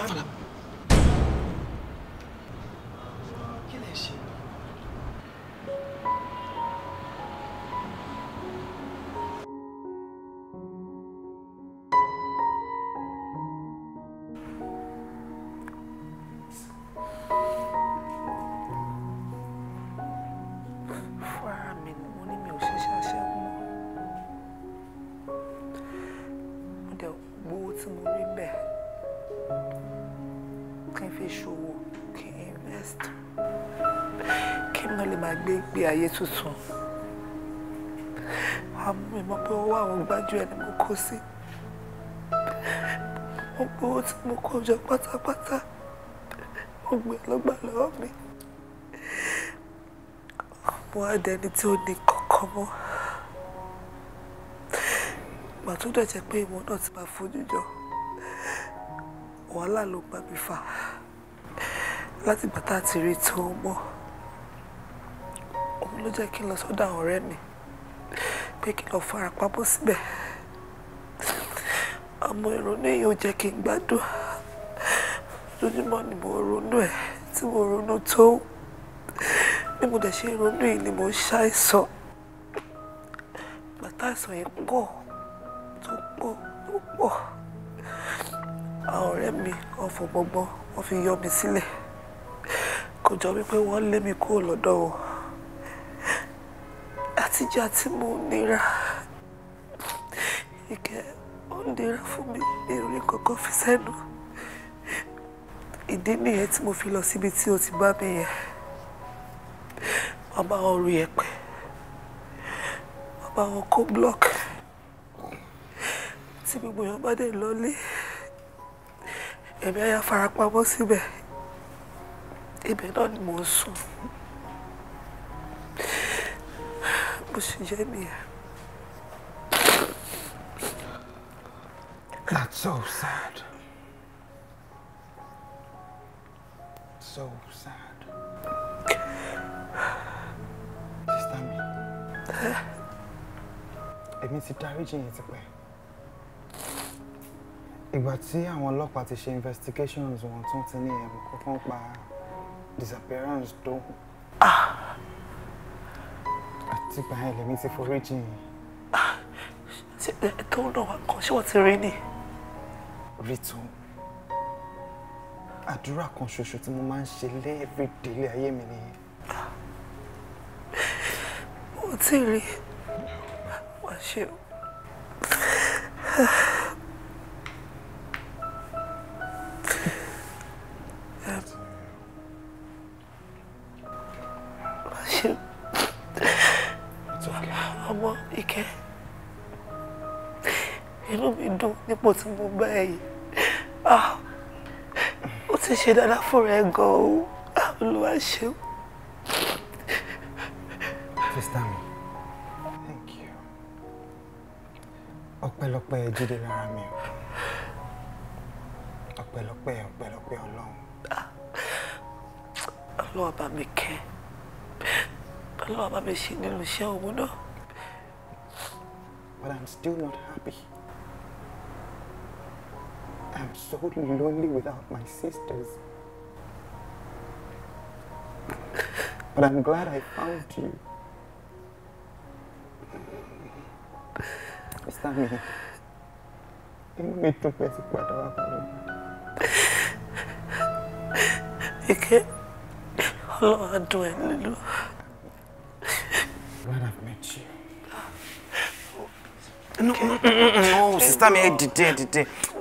ayé tuntun wàá mú mi mọ̀ pé owó àwọn gbájú ẹ̀ ni mo kó sí mo gbé owó tí mo kó jọ pátápátá mo gbé e lọ́gbà lọ́wọ́ mi mo á dẹni tí ó ní kọ̀ọ̀kan mọ́ ìgbà tó dẹ̀ jẹ́ pé ìwọ náà ti máa fojú jọ wàhálà ló gbà mí fà látìgbà tá a ti rí tó mọ́ ló jẹ́ kí n lọ sọ́dọ̀ àwọn ọ̀rẹ́ mi pé kí n lọ fara pamọ́ síbẹ̀ àmọ́ ìrònú èyí ò jẹ́ kí n gbádùn lójúmọ́ ni mo ronú ẹ̀ tí mo ronú tó bí mo dẹ̀ ṣe ronú yìí ni mo ń ṣàìsàn bàtà àìsàn yìí pọ̀ tó pọ̀ tó pọ̀ àwọn ọ̀rẹ́ mi ọ̀fọ̀ gbọ̀ngbọ̀n wọ́n fi yọ mi sílẹ̀ kò jọ wípé wọ́n lé mi kúrò lọ́dọ̀ wọn tíjà tí mo nira ìkẹ́ ó nira fún mi mi ò rí kankan fi sẹ́nu ìdí nìyẹn tí mo fi lọ síbi tí o ti bá mi yẹn màmá ọrùn yẹn pẹ́ màmá wọn kó block tí gbogbo èèyàn bá dẹ̀ lọlé ẹ̀mí àyà farapamọ́ síbẹ̀ ibẹ̀ náà ni mò ń sùn. bó ṣe That's so sad. So sad. Sister mi. Èmi ti dáríjì yín tipẹ́. Ìgbà tí àwọn ọlọ́pàá ti ṣe investigations wọn tún ti ní ẹ̀mí kọ́kọ́ pa disappearance tó láti gbà ẹ̀ lèmi ti foríjì yìí. tó ń lọ wá kan ṣé wọ́n ti rí ni. rí tó àdúrà kan ṣoṣo tí mo máa ń ṣe lẹ́ẹ̀rẹ́dẹ́lé ayé mi nìyẹn. mo ti rí wàá ṣe o. pọ̀ tí mo bá ah, ó ti ṣe dáadáa fúnra ẹ gan o ah, olúwa ṣeun. sista mi thank you ọpẹ́lọpẹ́ jíde lára mi o ọpẹ́lọpẹ́ ọpẹ́lọpẹ́ Ọlọ́run. Ah, Ọlọ́run bá mi kẹ́ Ọlọ́run bá mi ṣe nínú iṣẹ́ òun náà. But I'm still not happy. I'm so lonely without my sisters. But I'm glad I found you. Está bien. Tengo mi tus 24 Glad I've met you. No, no, no, sister, me, did, did, did.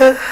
Huh?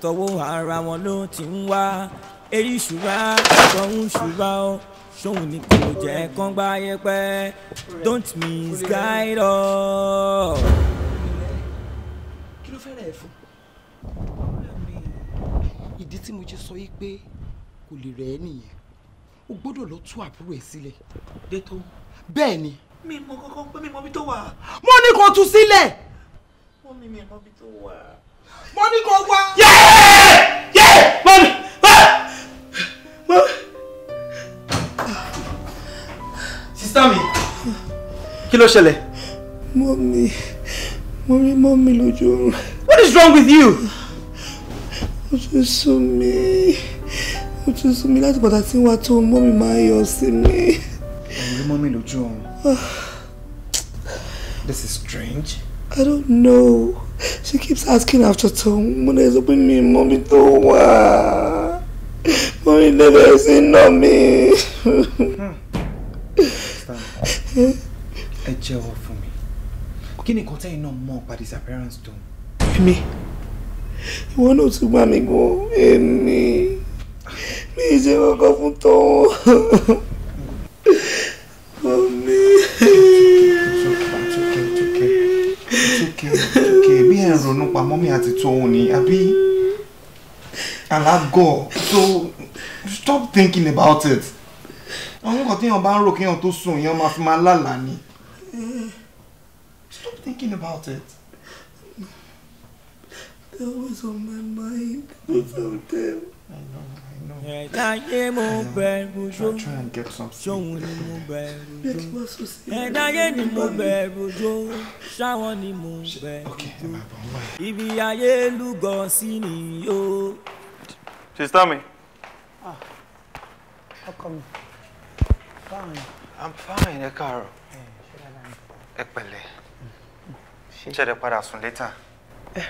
àtọwọ́ ara wọn ló ti ń wá eré ìṣúra àtọ̀hún ìṣúra ó ṣòun ni kò jẹ́ kán gbá yẹpẹ́ don't miss us. kí ló fẹ́ràn ẹ̀ fún ìdí tí mo ṣe sọ yìí pé kò lè rẹ̀ ẹ́ nìyẹn o gbọ́dọ̀ lọ tú àbúrò ẹ̀ sílẹ̀. dé bẹ́ẹ̀ ni. mi mọ kọ́kọ́ pé mi mọ ibi tó wà. mo ní kó tú sílẹ̀. wọ́n ní mi mọ ibi tó wà mo ní kó wá. yẹ́ẹ̀ yẹ́ẹ̀ mọ́mí mọ́mí. sísá mi kí ló ṣẹlẹ̀. mọ́mí mo rí lójú what is wrong with you. ó tún sún mi ó tún sún mi láti pàtàkì wá tó mọ́mí máa yọ sí mi. mo rí mọ́mí lójú ah. This is strange. I don't know. She keeps asking after Tom when there's open me, mommy tó wà. Mommy never seen no me. Hmm. Ẹ jẹ́wọ́ fún mi. Kí ni nǹkan tẹ́yìn náà mọ̀ pa disappearance tó? Èmi. Ìwọ náà tún gbà mí gan. Èmi. Me ì ṣe go for Tom. ronú pa mọ́mí àti tó òun ni àbí alágọ̀ so stop thinking about it àwọn nǹkan téèyàn bá ń rò kéèyàn tó sùn èèyàn máa fi máa lálàá ni stop thinking about it. That was on my mind the whole time. I know ẹ̀dáyé mo bẹ̀rù jó sóhun ni mo bẹ̀rù jó ẹ̀dáyé ni mo bẹ̀rù jó sáwọn ni mo bẹ̀rù jó ibi ayé lúgọ sí nìyó. sista mi. Ah, ọkọ mi báwo ni. i'm fine ẹ káàárọ̀ eh, ẹ pẹ̀lẹ́ mm. ṣẹlẹ padà sùn létà. ẹ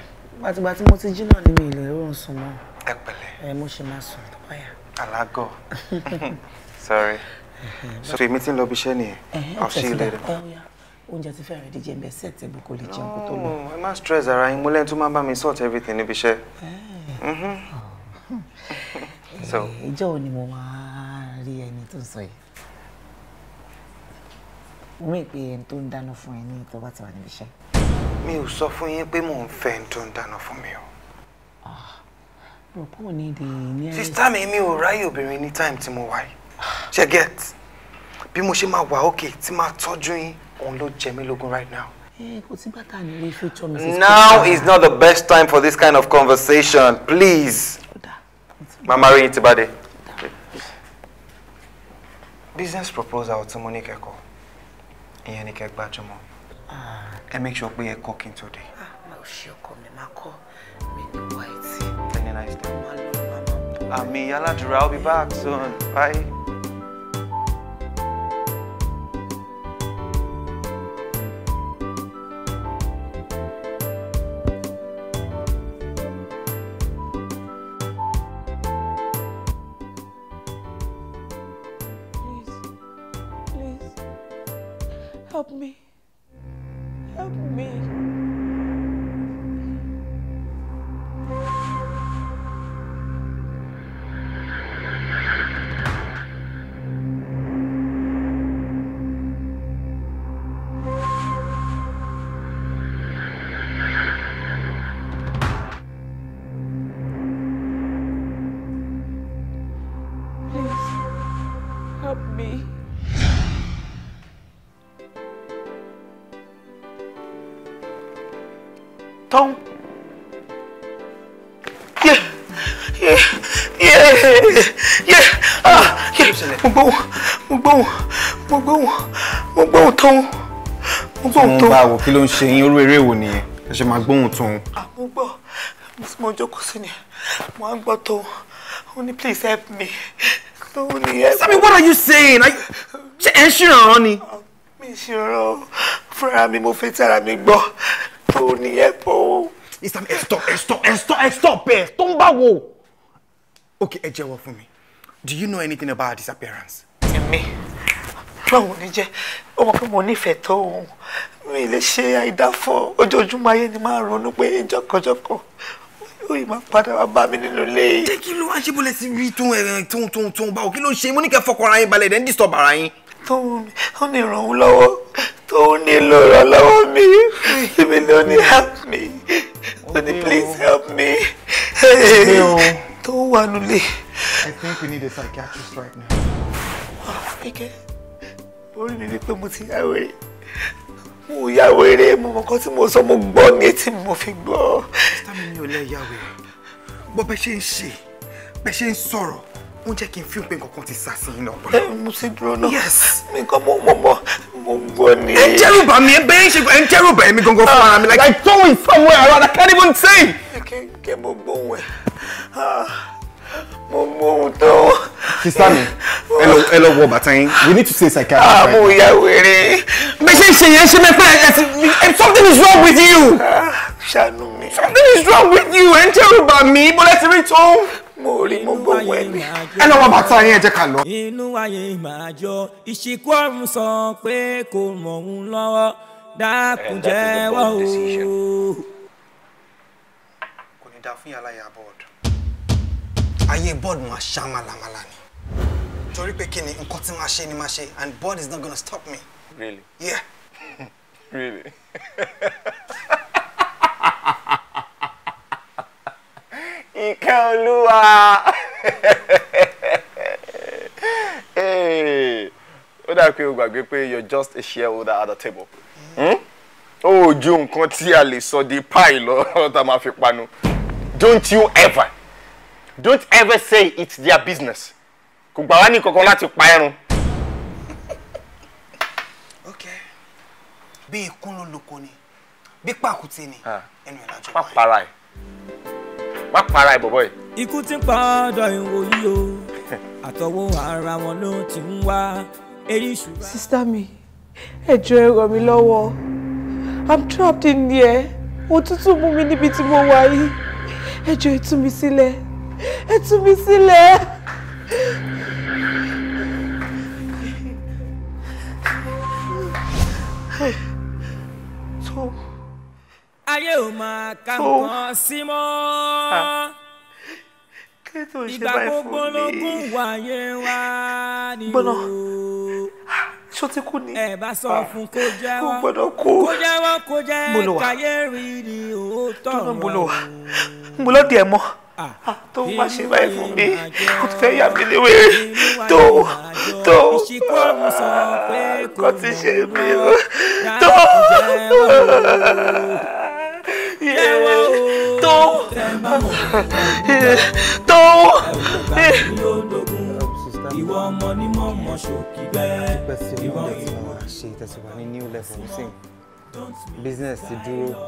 eh, gbàtìgbà mo ti jí náà ni mi ì lè sùn mọ́ ẹ pẹ̀lẹ́. ẹ mo ṣe máa sùn tó báyà. alágọ sorry so èmi ti ń lọ bí iṣẹ́ nìyẹn i'll see you later. oúnjẹ ti fẹ́rẹ̀ díje ń bẹ sí ẹ̀tẹ̀ bó kò lè jẹun kó tó lọ. ẹ má stress ara yín mo lẹ́yìn tó máa bá mi sort everything níbi iṣẹ́. Mhm. Eh, ìjọ wo ni mo máa rí ẹni tó ń sọ yìí mi pe ẹni tó ń dáná fún ẹ ní ìtọ́wá tí wà níbi iṣẹ́. mi ò sọ fún yín pé mò ń fẹ́ ẹni tó ń dáná fún mi o. Pọ̀pọ̀ ni the nearest. Sista mi, mi ò ráyè obìnrin ní time tí mo wà yìí. Ṣé get? Bí mo ṣe máa wà ókè tí máa tọ́jú yín, òun ló jẹ mí lógún right now. Now is not the best time for this kind of conversation. Please. Mama rí yín ti bá Business proposal tí mo ní kẹ́kọ̀ọ́, ìyẹn ni kẹ́ gbájúmọ́. Ah. Ẹ make sure pé ẹ kọ́ today. n tó ah, sure. I'm me, Aladra. I'll be back soon. Bye. Please, please, help me, help me. sọ́hún. mo gbóhùn mo gbóhùn mo gbóhùn mo gbóhùn tóhùn mo gbóhùn tóhùn. tí wọ́n bá wò kí ló ń ṣe yín orú eré wò nìyẹn ẹ ah, please help me honey. ní help. Sami what are you saying? ṣe ẹ ń ṣèrànràn ni. Ah, mi ì ṣèrànràn fúnra mi mo fetí ara mi gbọ́ báwo nìyẹn bó. isam ẹ stop ẹ stop ẹ stop ẹ stop ẹ tó ń bá wo. ok ẹ jẹ́wọ́ fún mi do you know anything about her disappearance. èmi báwo ni jẹ́ ó mọ̀ pé mo nífẹ̀ẹ́ tó òun mi lè ṣe àìdáfọ́ ojoojúmọ́ ayé ni máa ronú pé jọkọjọkọ ó yìí máa padà wá bá mi nínú ilé. jẹ́ kí ló wá ṣe bọ́lẹ̀ sí rí tó tó tó tó báwo kí ló ṣe mo ní kẹ́ fọkàn ara yín balẹ̀ dẹ́ ń disturb ara yín. tó ń ní ìrànwọ́ lọ́wọ́ tó nílò ìrànlọ́wọ́ mi èmi ni ó ní help me ó ní please oh. help me oh. tó wà nulẹ̀. I think we need a psychiatrist right now. Ah, Ike, orí mi wípé mo ti yá wèrè. Mo yá wèrè, mo mọ̀ nǹkan tí mo sọ, mo gbọ́ ní etí mo fi gbọ́. Sítámi mi ò lẹ́ yá wèrè. Bọ́ bẹ́ ṣe ń ṣe, bẹ́ ṣe ń sọ̀rọ̀, ó ń jẹ́ kí n fi pé nǹkan kan ti sà sí iná ọ̀pọ̀lọpọ̀. Ẹ mo ti dúró náà. Yes. Mi kàn mọ̀ mọ̀ mọ̀. Enteruba mi, ebe n ṣe enteruba emi gangan fún ara mi. Like ah, I saw it somewhere around, I can't even say. Kí ah, mo gbóhùn ẹ̀, mo gbóhùn tó. Sísá mi, ẹ lọ we need to say psychiatrist. Ah, mo ya wèrè. Bẹ́ẹ̀ she, she ṣe yẹn ṣe mẹ́fà ẹ̀ something is wrong with you. ah, Something is wrong with you, enteruba mi, me, but let's return. Mo wọ ẹni ẹ lọ́wọ́ bàtà yín ẹ jẹ́ ká lọ. inú ayé máa jọ ìṣìkú ọ̀run sọ pé kò mọ̀ òun lọ́wọ́ dákun eh, jẹ́wọ́ o. kò ní dáa fún yàrá ìyá bọ́ọ̀dù ayé bọ́ọ̀dù máa ṣá màlàmàlà ni torí pé kí ni nǹkan tí máa ṣe ni máa ṣe and board is not gonna stop me. really. yeah. really. ìkẹ́ olúwa. ó dà pé o gbàgbé pé you're just a shareholder at the table. Hmm? ó ju nǹkan tí a lè sọ di pie lọ tá a máa fi panu don't you ever don't ever say it's their business kò gbà wá ní kankan láti pa ẹrun. okay bí ikú ló lóko ni bí pàkúté ni ah. ẹnu ìlàjọ wáyé. pàpàrà ẹ̀ má para ẹ̀ bọ̀bọ̀ yìí. ikú ti ń pa ọ̀dọ̀ ìwòyí o àtọwọ́ ara wọn ló ti ń wá eré ìṣúra. sísá mi ẹ ẹ ràn mí lọ́wọ́ i'm trapped in here òtútù mú mi níbi tí mo wà yìí ẹ jọ̀ọ́ ẹ tú mi sílẹ̀ ẹ tú mi sílẹ̀. Tom ayé ò máa ka nǹkan sí mọ́. Ah, ìgbà gbogbo lógún wáyé wá nílò. ṣó ti kú ni. ẹ bá sọ ah, fún kó jẹ́ wọ́n kó jẹ́ wọ́n kó jẹ́ káyé rí ni òótọ́ rọ̀. ń bolo díẹ̀ mọ́. Ah, tó má ṣe báyìí fún mi kò tó fẹ́ yà mí léwé tó tó kò ti ṣe mí o tó yẹwò tó tó. ìwọ ọmọ ni mo mọ ṣòkì bẹ́ẹ̀ ìwọ ìwọ. ṣe ìtẹ̀síwá ní new level sí business ti dúró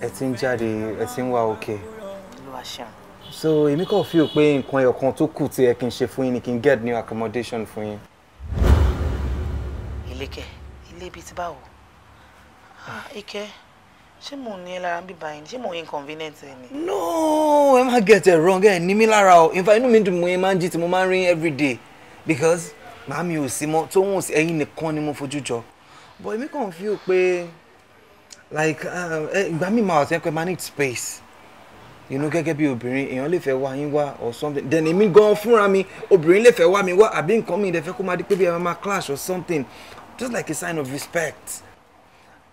ẹ ti ń jáde ẹ ti ń wá òkè. olùwàṣà so èmi kàn fi hàn pé nǹkan ẹ̀yọ̀kan tó kù tí ẹ kì í ṣe fún yín ni kí n get new accommodation fún yín. ilé kẹ ilé ibi tí báwo ah, ike ṣé mò ń ní ẹ lára ń bíbá yín ṣé mò ń inconvenient ẹ ni. no ẹ má get it wrong ẹ ní mi lára o in fact inú mi dùn mo máa ń jí tí mo máa ń rí everyday because màámi ò sí mọ́ tó wọ́n sí ẹ̀yin nìkan ni mo fojú jọ but èmi kàn fi hàn pé like ah, ìgbà mi máa ọ̀sẹ̀ pé manage space you know gẹ́gẹ́ bí obìnrin èèyàn lè fẹ́ wá yín wá or something then èmi gan fúnra mi obìnrin lè fẹ́ wá mi wá àbí nǹkan mi ìdẹ́fẹ́ kó máa di pé bí ẹ máa clash or something just like a sign of respect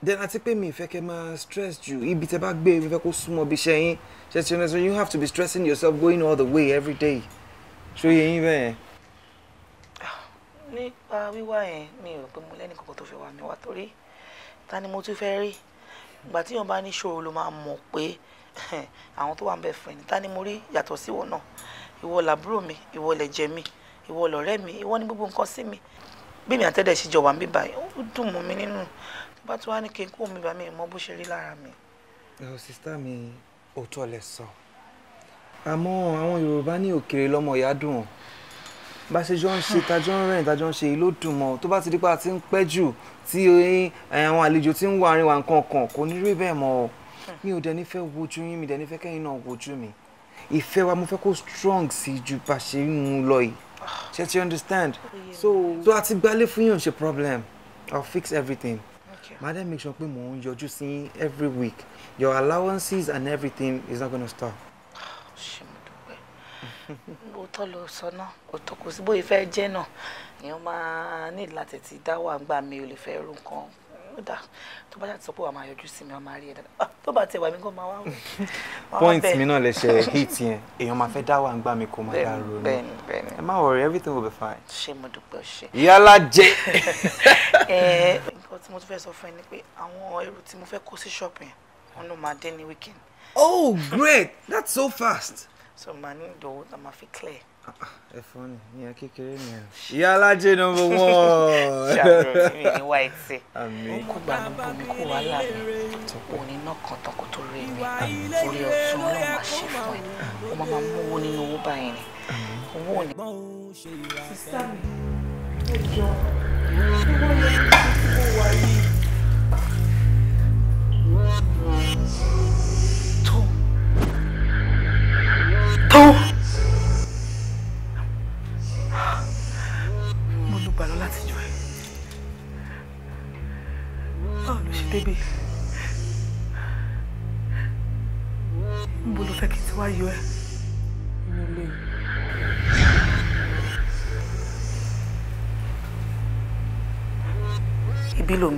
then àti pé mi ìfẹ́ kẹ́ máa stress jù ibi tẹ́ bá gbé mi fẹ́ kó súnmọ́ bí ṣe yín ṣe ṣe ṣe so you have to be stressing yourself going all the way every day ṣó yẹ yín bẹ́ẹ̀. nípa wíwá yẹn mi ò rò pé mo lẹ́nu kankan tó fẹ́ wá mi wá torí ta ni mo tún fẹ́ rí ìgbà tí yóò bá ní ṣòro ló máa mọ̀ pé. àwọn tó wà ń bẹ fún ẹni ta ni mo rí yàtọ̀ síwọ náà ìwọ làbúrò mi ìwọ lẹ̀jẹ̀ mi ìwọ lọ̀rẹ́ mi ìwọ ní gbogbo nǹkan sí mi bí mi àtẹ́dẹ̀ ṣe jọ wà ń bíbá ó dùn mọ́ mi nínú tó bá tún wá ní kí n kó mi bá mi mọ bó ṣe rí lára mi. ẹ ò sísá mi òótọ́ lẹ sọ àmọ́ àwọn Yorùbá ní òkèrè lọ́mọ ìyá dùn bá ṣe jọ ń ṣe tajọ́ ń rìn tajọ́ ń ṣe ló dùn mọ́ tó bá ti dípa ti ń pẹ́ jù tí eh, àwọn àlejò ti ń wà arìnwá nǹkan kan kò ní rí bẹ́ẹ̀ mọ́ mi ò dẹ̀ ní fẹ́ wojú yín mi dẹ̀ ní fẹ́ kẹ́yìn náà wojú mi ìfẹ́ wa mo fẹ́ kó strong sí ju bá ṣe ń mu lọ yìí ṣe ti understand oh, so so àti gbalẹ̀ fún yín ò ṣe problem I'll fix everything madam okay. make sure pé mò ń yọjú sí every week your allowances and everything is not gonna stop. ṣé mo dúpẹ́ òótọ́ ló sọ náà òótọ́ kò sí bóyá ìfẹ́ jẹ́ náà èèyàn máa ní láti ti dá wà ń ò lè fẹ́ rú nǹkan ó dà tó bá ṣàtìsọ pé wàá máa yọjú sí mi wàá máa rí ẹ dáadáa ah, tó bá tẹ wà mí kó máa wá wò. point mi náà lè ṣe yẹn èèyàn máa fẹ́ dá wà ń gbà mí kó máa dá ro ni ẹ má worry everything will be fine. ṣé mo dúpẹ́ ṣe. yálà jẹ. nǹkan tí mo tún fẹ́ sọ fún ẹ ni pé àwọn ẹrù tí mo fẹ́ kó sí ṣọ́ọ̀pù yẹn wọn ló máa dé ní weekend. oh great that's so fast. so màá ní ìdòwò tá a Ah, ẹ̀fọ́ ni ìyẹn kékeré ni ìyá alájẹ nọmba wọ́n. ṣàròyìn mi ní wá etí kó gba gbogbo mi kó wá láàmì òní náà kan tọkọ tó rí mi orí ọ̀tún ọlọ́run máa ṣe fún ẹ ó máa máa mú owó nínú owó báyìí ni owó òní. sísá mi ó jọ ṣé wọ́n yẹ kí wọ́n wá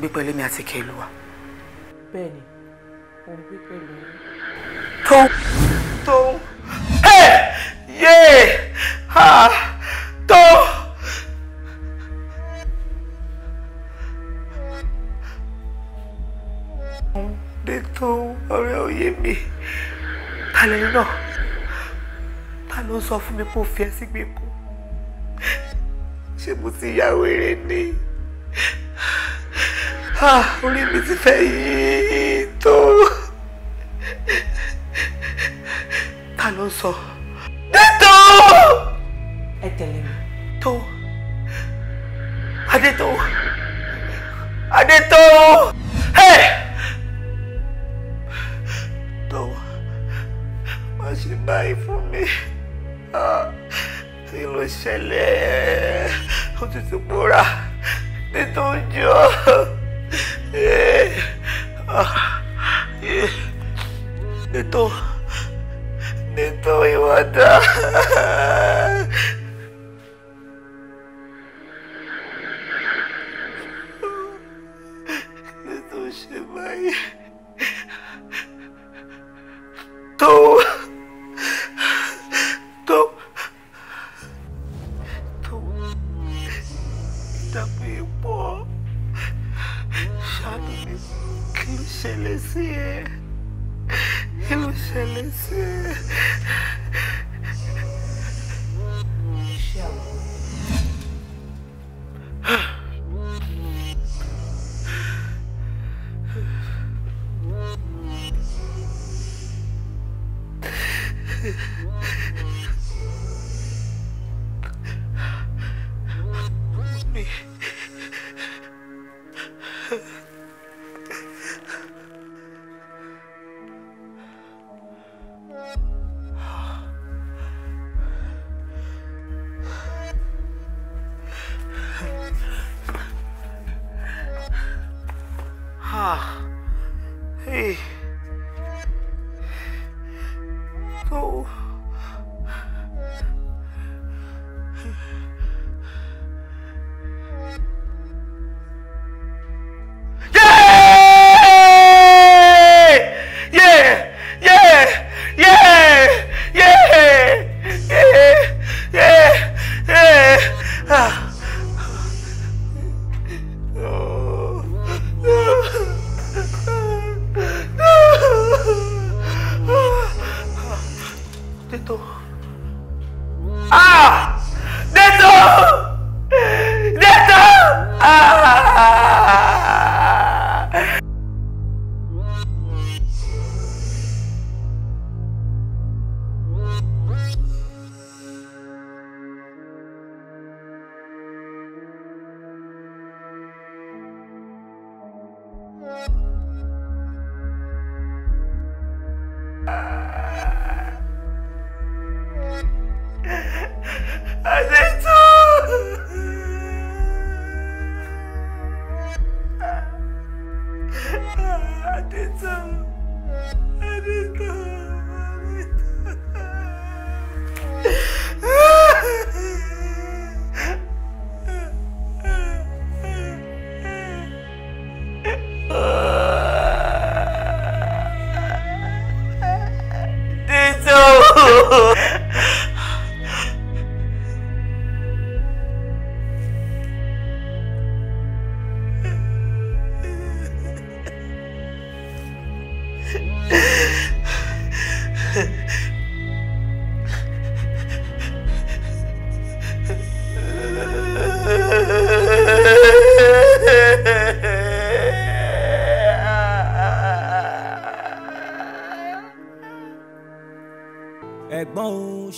gbé pẹ̀lú mi àti kẹlùwà. bẹ́ẹ̀ni mo ń gbé pẹ̀lú yín. tó tó yé ha tó. dé tó ọ̀rẹ́ òye mi ta lẹ́yìn náà ta ló sọ fún mi kó fi ẹ́ sígbèkùn ṣé mo ti yá wèrè ni. Ah, mi ti fẹ́ yí tó ta So. me.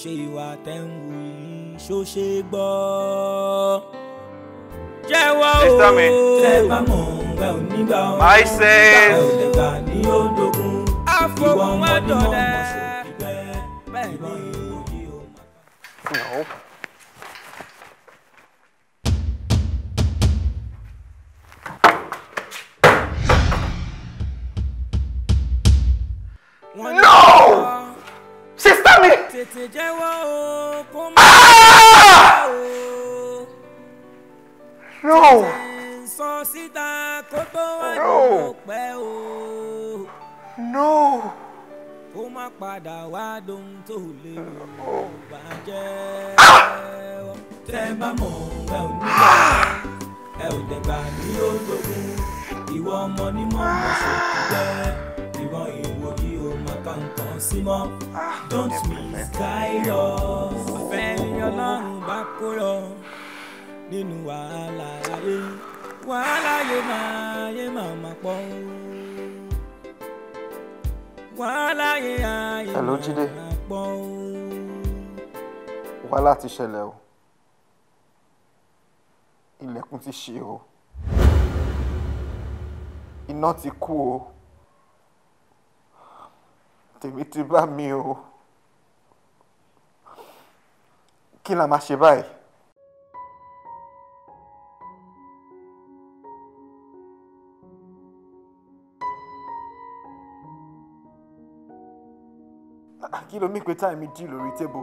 ṣe ìwà tẹ̀ ń yìí ṣó ṣe gbọ́. jẹ́wọ́ o tẹ́ bá mọ̀ ngbà ò nígbà nígbà ò ní òdòkun ìwọ̀n mọ̀ ní mọ̀ mọ̀ ṣòkìgbẹ́ ìbọn ìwòye o. tètè jẹ́wọ́ o kó má ah! jẹ́ No. Sọ síta kó tó wá dùn pẹ́ o. No. Kó má padà wá dohun tó lè wò oh! bàjẹ́. Ah! Tẹ́ ẹ bá mọ̀ ẹ ò ní ah! bá ẹ ò dẹ̀gbà ní ó dogun. Ìwọ ọmọ ni mo mọ̀ ṣe jẹ́ kò sí mọ́ don't misguide us ọ̀fẹ́ ọlọ́run bá kó lọ nínú wàhálà ayé wàhálà yé máa yé máa pọ̀ wàhálà yé ayé máa pọ̀ wàhálà ti ṣẹlẹ̀ o ilẹ̀kùn ti ṣí o iná ti kú o tèmi ti bá mi o kí la máa ṣe báyìí. kí ló mí pé táìmì dì lórí tébù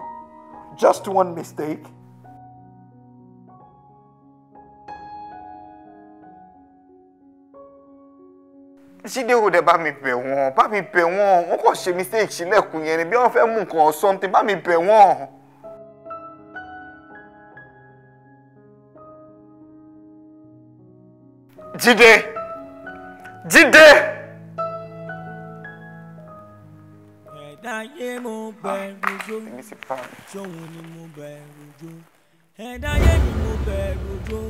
just one mistake. Jídé ò dẹ̀ bá mi bẹ̀ wọ́n bá mi bẹ̀ wọ́n wọ́n kàn ṣe mistake sílẹ̀kùn yẹn ni bí wọ́n fẹ́ mú nǹkan or something bá mi bẹ̀ wọ́n. Jídé Jídé. ẹ̀dáyé mo bẹ̀rù jò ṣòun ni mo bẹ̀rù jò ẹ̀dáyé ni mo bẹ̀rù jò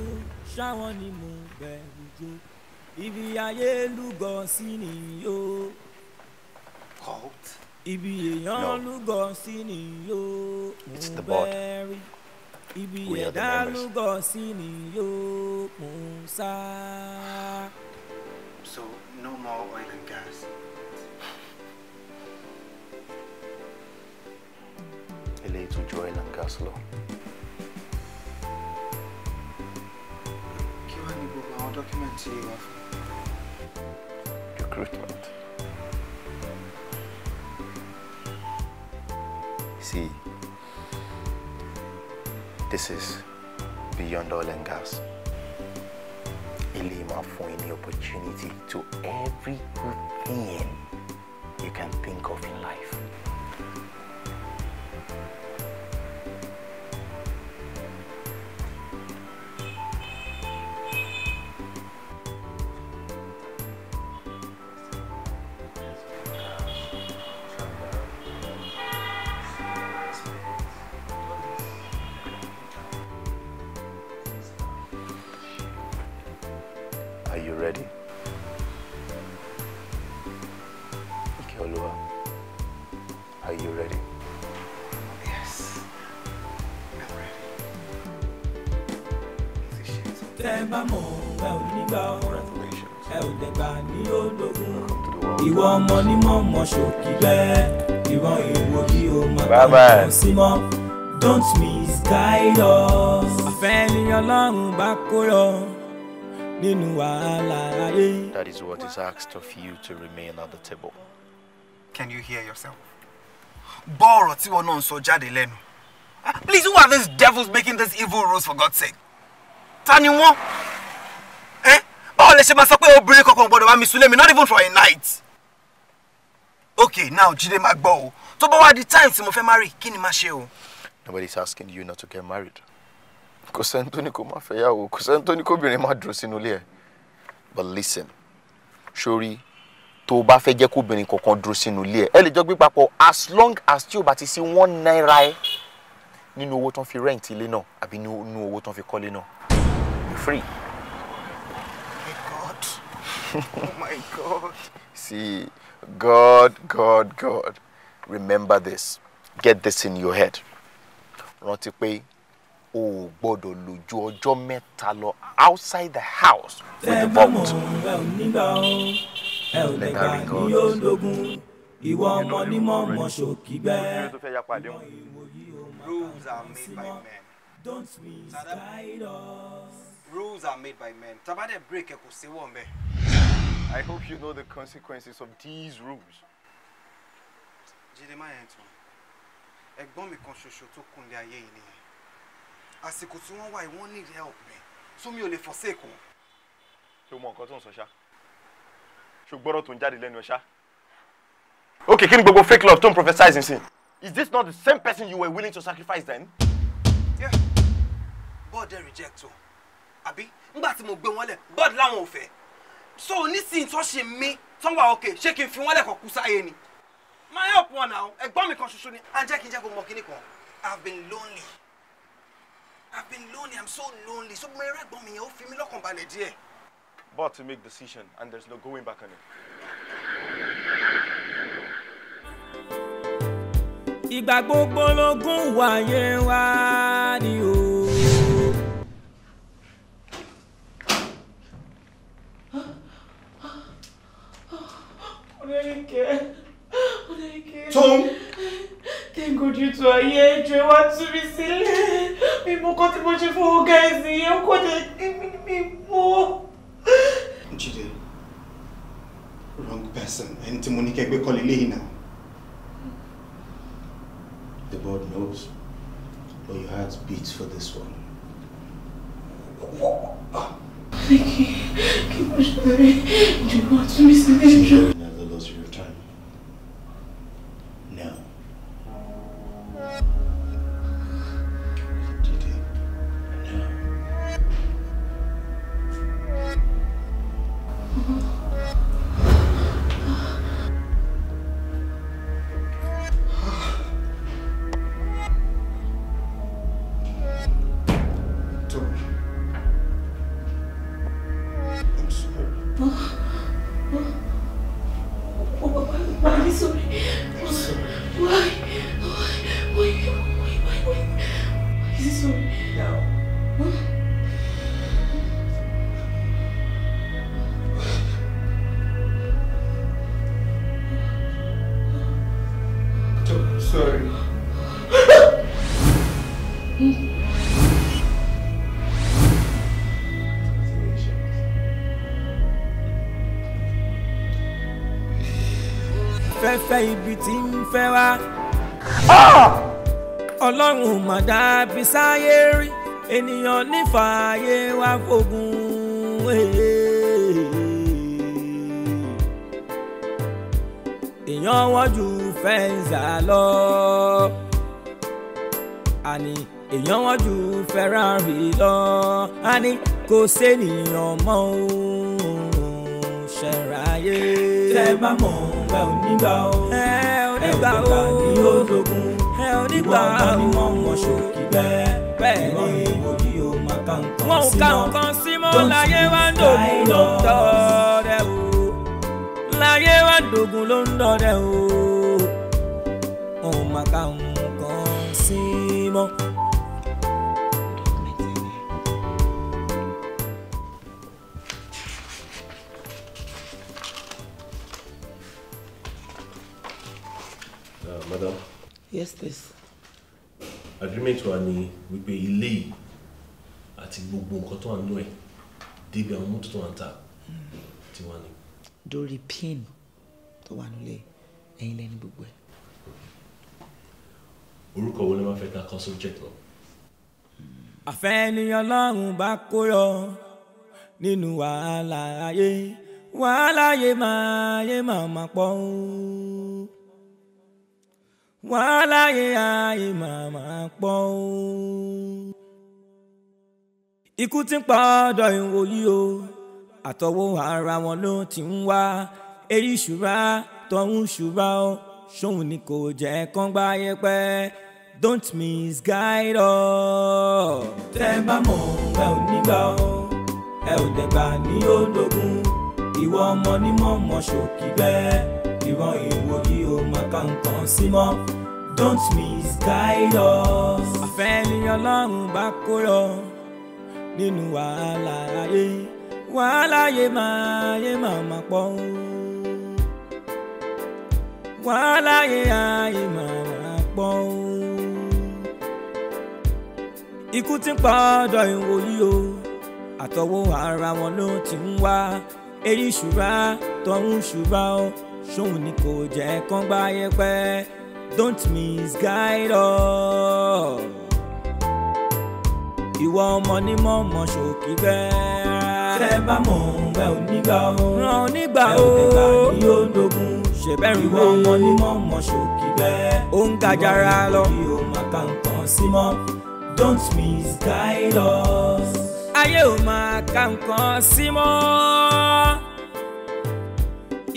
ṣáwọn ni mo bẹ̀rù jò. ibi ayé lúgọ sí ni yó. ibi èèyàn lúgọ sí ni it's the board. bẹ́ẹ̀rí ibi ẹ̀dá lúgọ sí ni yó. so no more oil and gas. eléyìí tún ju oil and gas lọ. kí wàá ní gbogbo àwọn dọ́kímẹ̀ntì wa fún recruitment. See, this is beyond oil and gas. Ilima for any opportunity to every good thing you can think of in life. ò sí mọ́ don't misguide us. àfẹ́ ni ọlọ́run bá kó lọ nínú wàhálà ayé. That is what is asked of you to remain at the table. Can you hear yourself? Gbọ́ ọ̀rọ̀ tí wọn náà ń sọ jáde lẹ́nu. Ah, please, who are these devils making these evil rules for God's sake? Ta ni wọ́n? Eh? Báwo lè ṣe máa sọ pé obìnrin kankan gbọ́dọ̀ bá mi sùn lémi not even for a night? Okay, now Jide máa gbọ́ o tó bá wá di time tí mo fẹ́ marry kí ni má ṣe o. nobody is asking you not to get married kò sẹ́ni tó ní kó má fẹ́ yàwó kò sẹ́ni tó ní obìnrin má dúró sínú ilé ẹ̀ but listen sori tó o bá fẹ́ jẹ́ kó obìnrin kankan dúró sínú ilé ẹ̀ ẹ lè jọ gbé papọ̀ as long as tí o bá ti sí one naira ẹ nínú owó tó ń fi rent ilé náà àbí nínú owó tó ń fi kọ́lé náà you free. oh my god. see god god god remember this get this in your head rántí pé o ò gbọ́dọ̀ lò ọjọ́ mẹ́ta lọ outside the house with the vault. let that ring out. ìwọ ọmọ ní mọ ọmọ ṣòkì bẹ́ẹ̀. rules are made by men. don't misguide us. rules are made by men. tabade break ẹ kò sí wọn bẹ́ẹ̀. I hope you know the consequences of these rules jíde má yẹn tán ẹ̀gbọ́n mi kan ṣoṣo tó kúnlẹ̀ ayé yìí nìyẹn àsìkò tí wọ́n wà yìí wọ́n need help mi mi ò lè forsake wọn. ṣé o mọ nǹkan tó ń sọ ṣá ṣé o gbọ́dọ̀ tó ń jáde lẹ́nu ẹ ok kí ni gbogbo fake love tó ń prophesize nsìn. is this not the same person you were willing to sacrifice then. yeah God dey reject o àbí nígbà tí mo gbé wọn lẹ̀ God láwọn ò fẹ́ so onísìnyí tó ṣe mí tó wà òkè ṣé kí n fi wọn lẹ̀ kọ́ kú sáyé ni máa help wọn náà ẹ̀gbọ́n mi kan ṣoṣo ni à ah, kí n jẹ́ kó mọ kíní kan i've been lonely i've been lonely i'm so lonely so mo eré ẹ̀gbọ́n mi yẹn ó fi mí lọ́kàn balẹ̀ díẹ̀. but to make decision and there's no going back on it. ìgbà gbogbo lógún wáyé wá ni o. Oríkèé. Tom. Thank God you two are here. Ẹ jọ̀ọ́ wá tú mi sílẹ̀. Mi mọ nǹkan tí mo ṣe fún ọ̀gá ẹ̀sìn yẹn. Ó kọ́ jẹ́ mi mi mọ́. Jide, wrong person. Ẹni tí mo ní kẹ́gbẹ́ kọ́ lélẹ́ The board knows, but your heart beats for this one. Kí kí mo ṣe rẹ̀? Ẹ jọ̀ọ́ wá tú mi fẹ́ wá. ọlọ́run mà dàbí sáyé rí ènìyàn nífààyè wá fògùn eh. èèyàn wọ́n ju fẹ́ǹsà lọ àní èèyàn wọ́n ju Ferrari lọ àní kò sẹ́nìyàn mọ́ òun ṣẹ̀ráyé. tẹ́ bá mọ̀ ọ́n gbà ò ní gbà ó gbà ó ní ológun ẹ ò ní gbà ó ìwọ̀n kan ni wọ́n mọ̀ ṣòkì bẹ́ẹ̀ bẹ́ẹ̀ ò ka nǹkan sí mọ́ láyé wá ń dògùn ló ń dọ̀ọ́dẹ o láyé wá ń dògùn ló ń dọ̀ọ́dẹ o ò mà ka yes please. agreement wa ni wípé ilé yìí àti gbogbo nǹkan tó wà nínú ẹ̀ débi àwọn mọ́tò tó wà ń ta ti wà ní. dórí pin tó wà nílé ẹ̀yin lẹ́ni gbogbo ẹ̀. orúkọ wo ni wọ́n fẹ́ ká kọ subject lọ. àfẹ́ ni ọlọ́run bá kó yọ nínú wàhálà ayé wàhálà ayé máa ayé máa máa pọ̀ wàhálà yẹn ààyè màmá pọ̀ o. ikú ti ń pa ọ̀dọ̀ ìwòyí o àtọwọ́ ara wọn ló ti ń wá eré ìṣúra tọ̀hún ṣúra o ṣóun ni kò jẹ́ kán gbá yẹpẹ́ don't misguide ọ. tẹ́ ẹ bá mọ̀ ẹ ò ní gbà ó ẹ ò dẹ̀gbà ní ó dogun ìwọ ọmọ ní mọ̀ọ́mọ̀ ṣòkì bẹ́ẹ̀ ìran ìwòyí mọ̀ kankan sí mọ́ don't misguide us. àfẹ́ ni ọlọ́run bá kó lọ nínú wàhálà ayé wàhálà yé máa yé máa máa pọ̀ o wàhálà yé ayé máa máa pọ̀ o. ikú ti ń pa ọ̀dọ̀ ìwòyí o àtọwọ́ ara wọn ló ti ń wá èyí ṣùgbọ́n tó ń ṣùgbọ́n o ṣóun ni kò jẹ́ kán gbá yẹpẹ́ don't misguide us. ìwọ ọmọ ní mọ̀ mọ̀ ṣòkì bẹ́ẹ̀. tẹ́ bá mọ̀ ẹ ò nígbà o. ràn ọ́ nígbà o. ẹ ò nígbà ni yóò dogun. ṣèbẹ̀rù ìwọ ọmọ ní mọ̀ mọ̀ ṣòkì bẹ́ẹ̀. ó ń gajara lọ. ìwọ ọmọ yìí ò máa ka nǹkan sí mọ́ don't misguide us. ayé ò máa ka nǹkan sí mọ́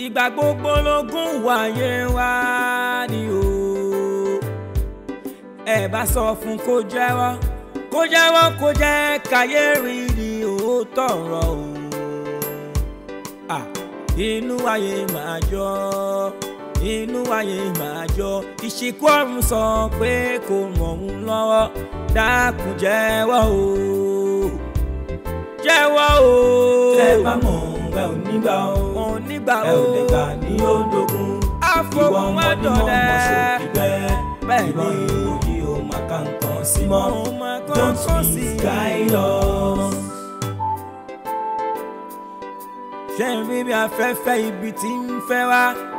ìgbà gbogbo lógún wáyé wá ni o ẹ bá sọ fún kó jẹ́wọ́ kó jẹ́wọ́ kó jẹ́ káyé rí ni ó tọ̀rọ̀ o inú ayé máa jọ inú ayé máa jọ ìṣìkú ọ̀run sọ pé kò ràn òun lọ́wọ́ dákun jẹ́wọ́ o jẹ́wọ́ o. tẹ́ bá mọ̀ ẹ ò ní gbà o ẹ ò lè gbà ní ọdọgún ìwọ ọmọ ni mo mọ sókè bẹ́ẹ̀ ìwọ ni nǹkan sí mọ́ don't misguide us. ṣé n rí bí afẹ́fẹ́ ibi tí ń fẹ́ wá.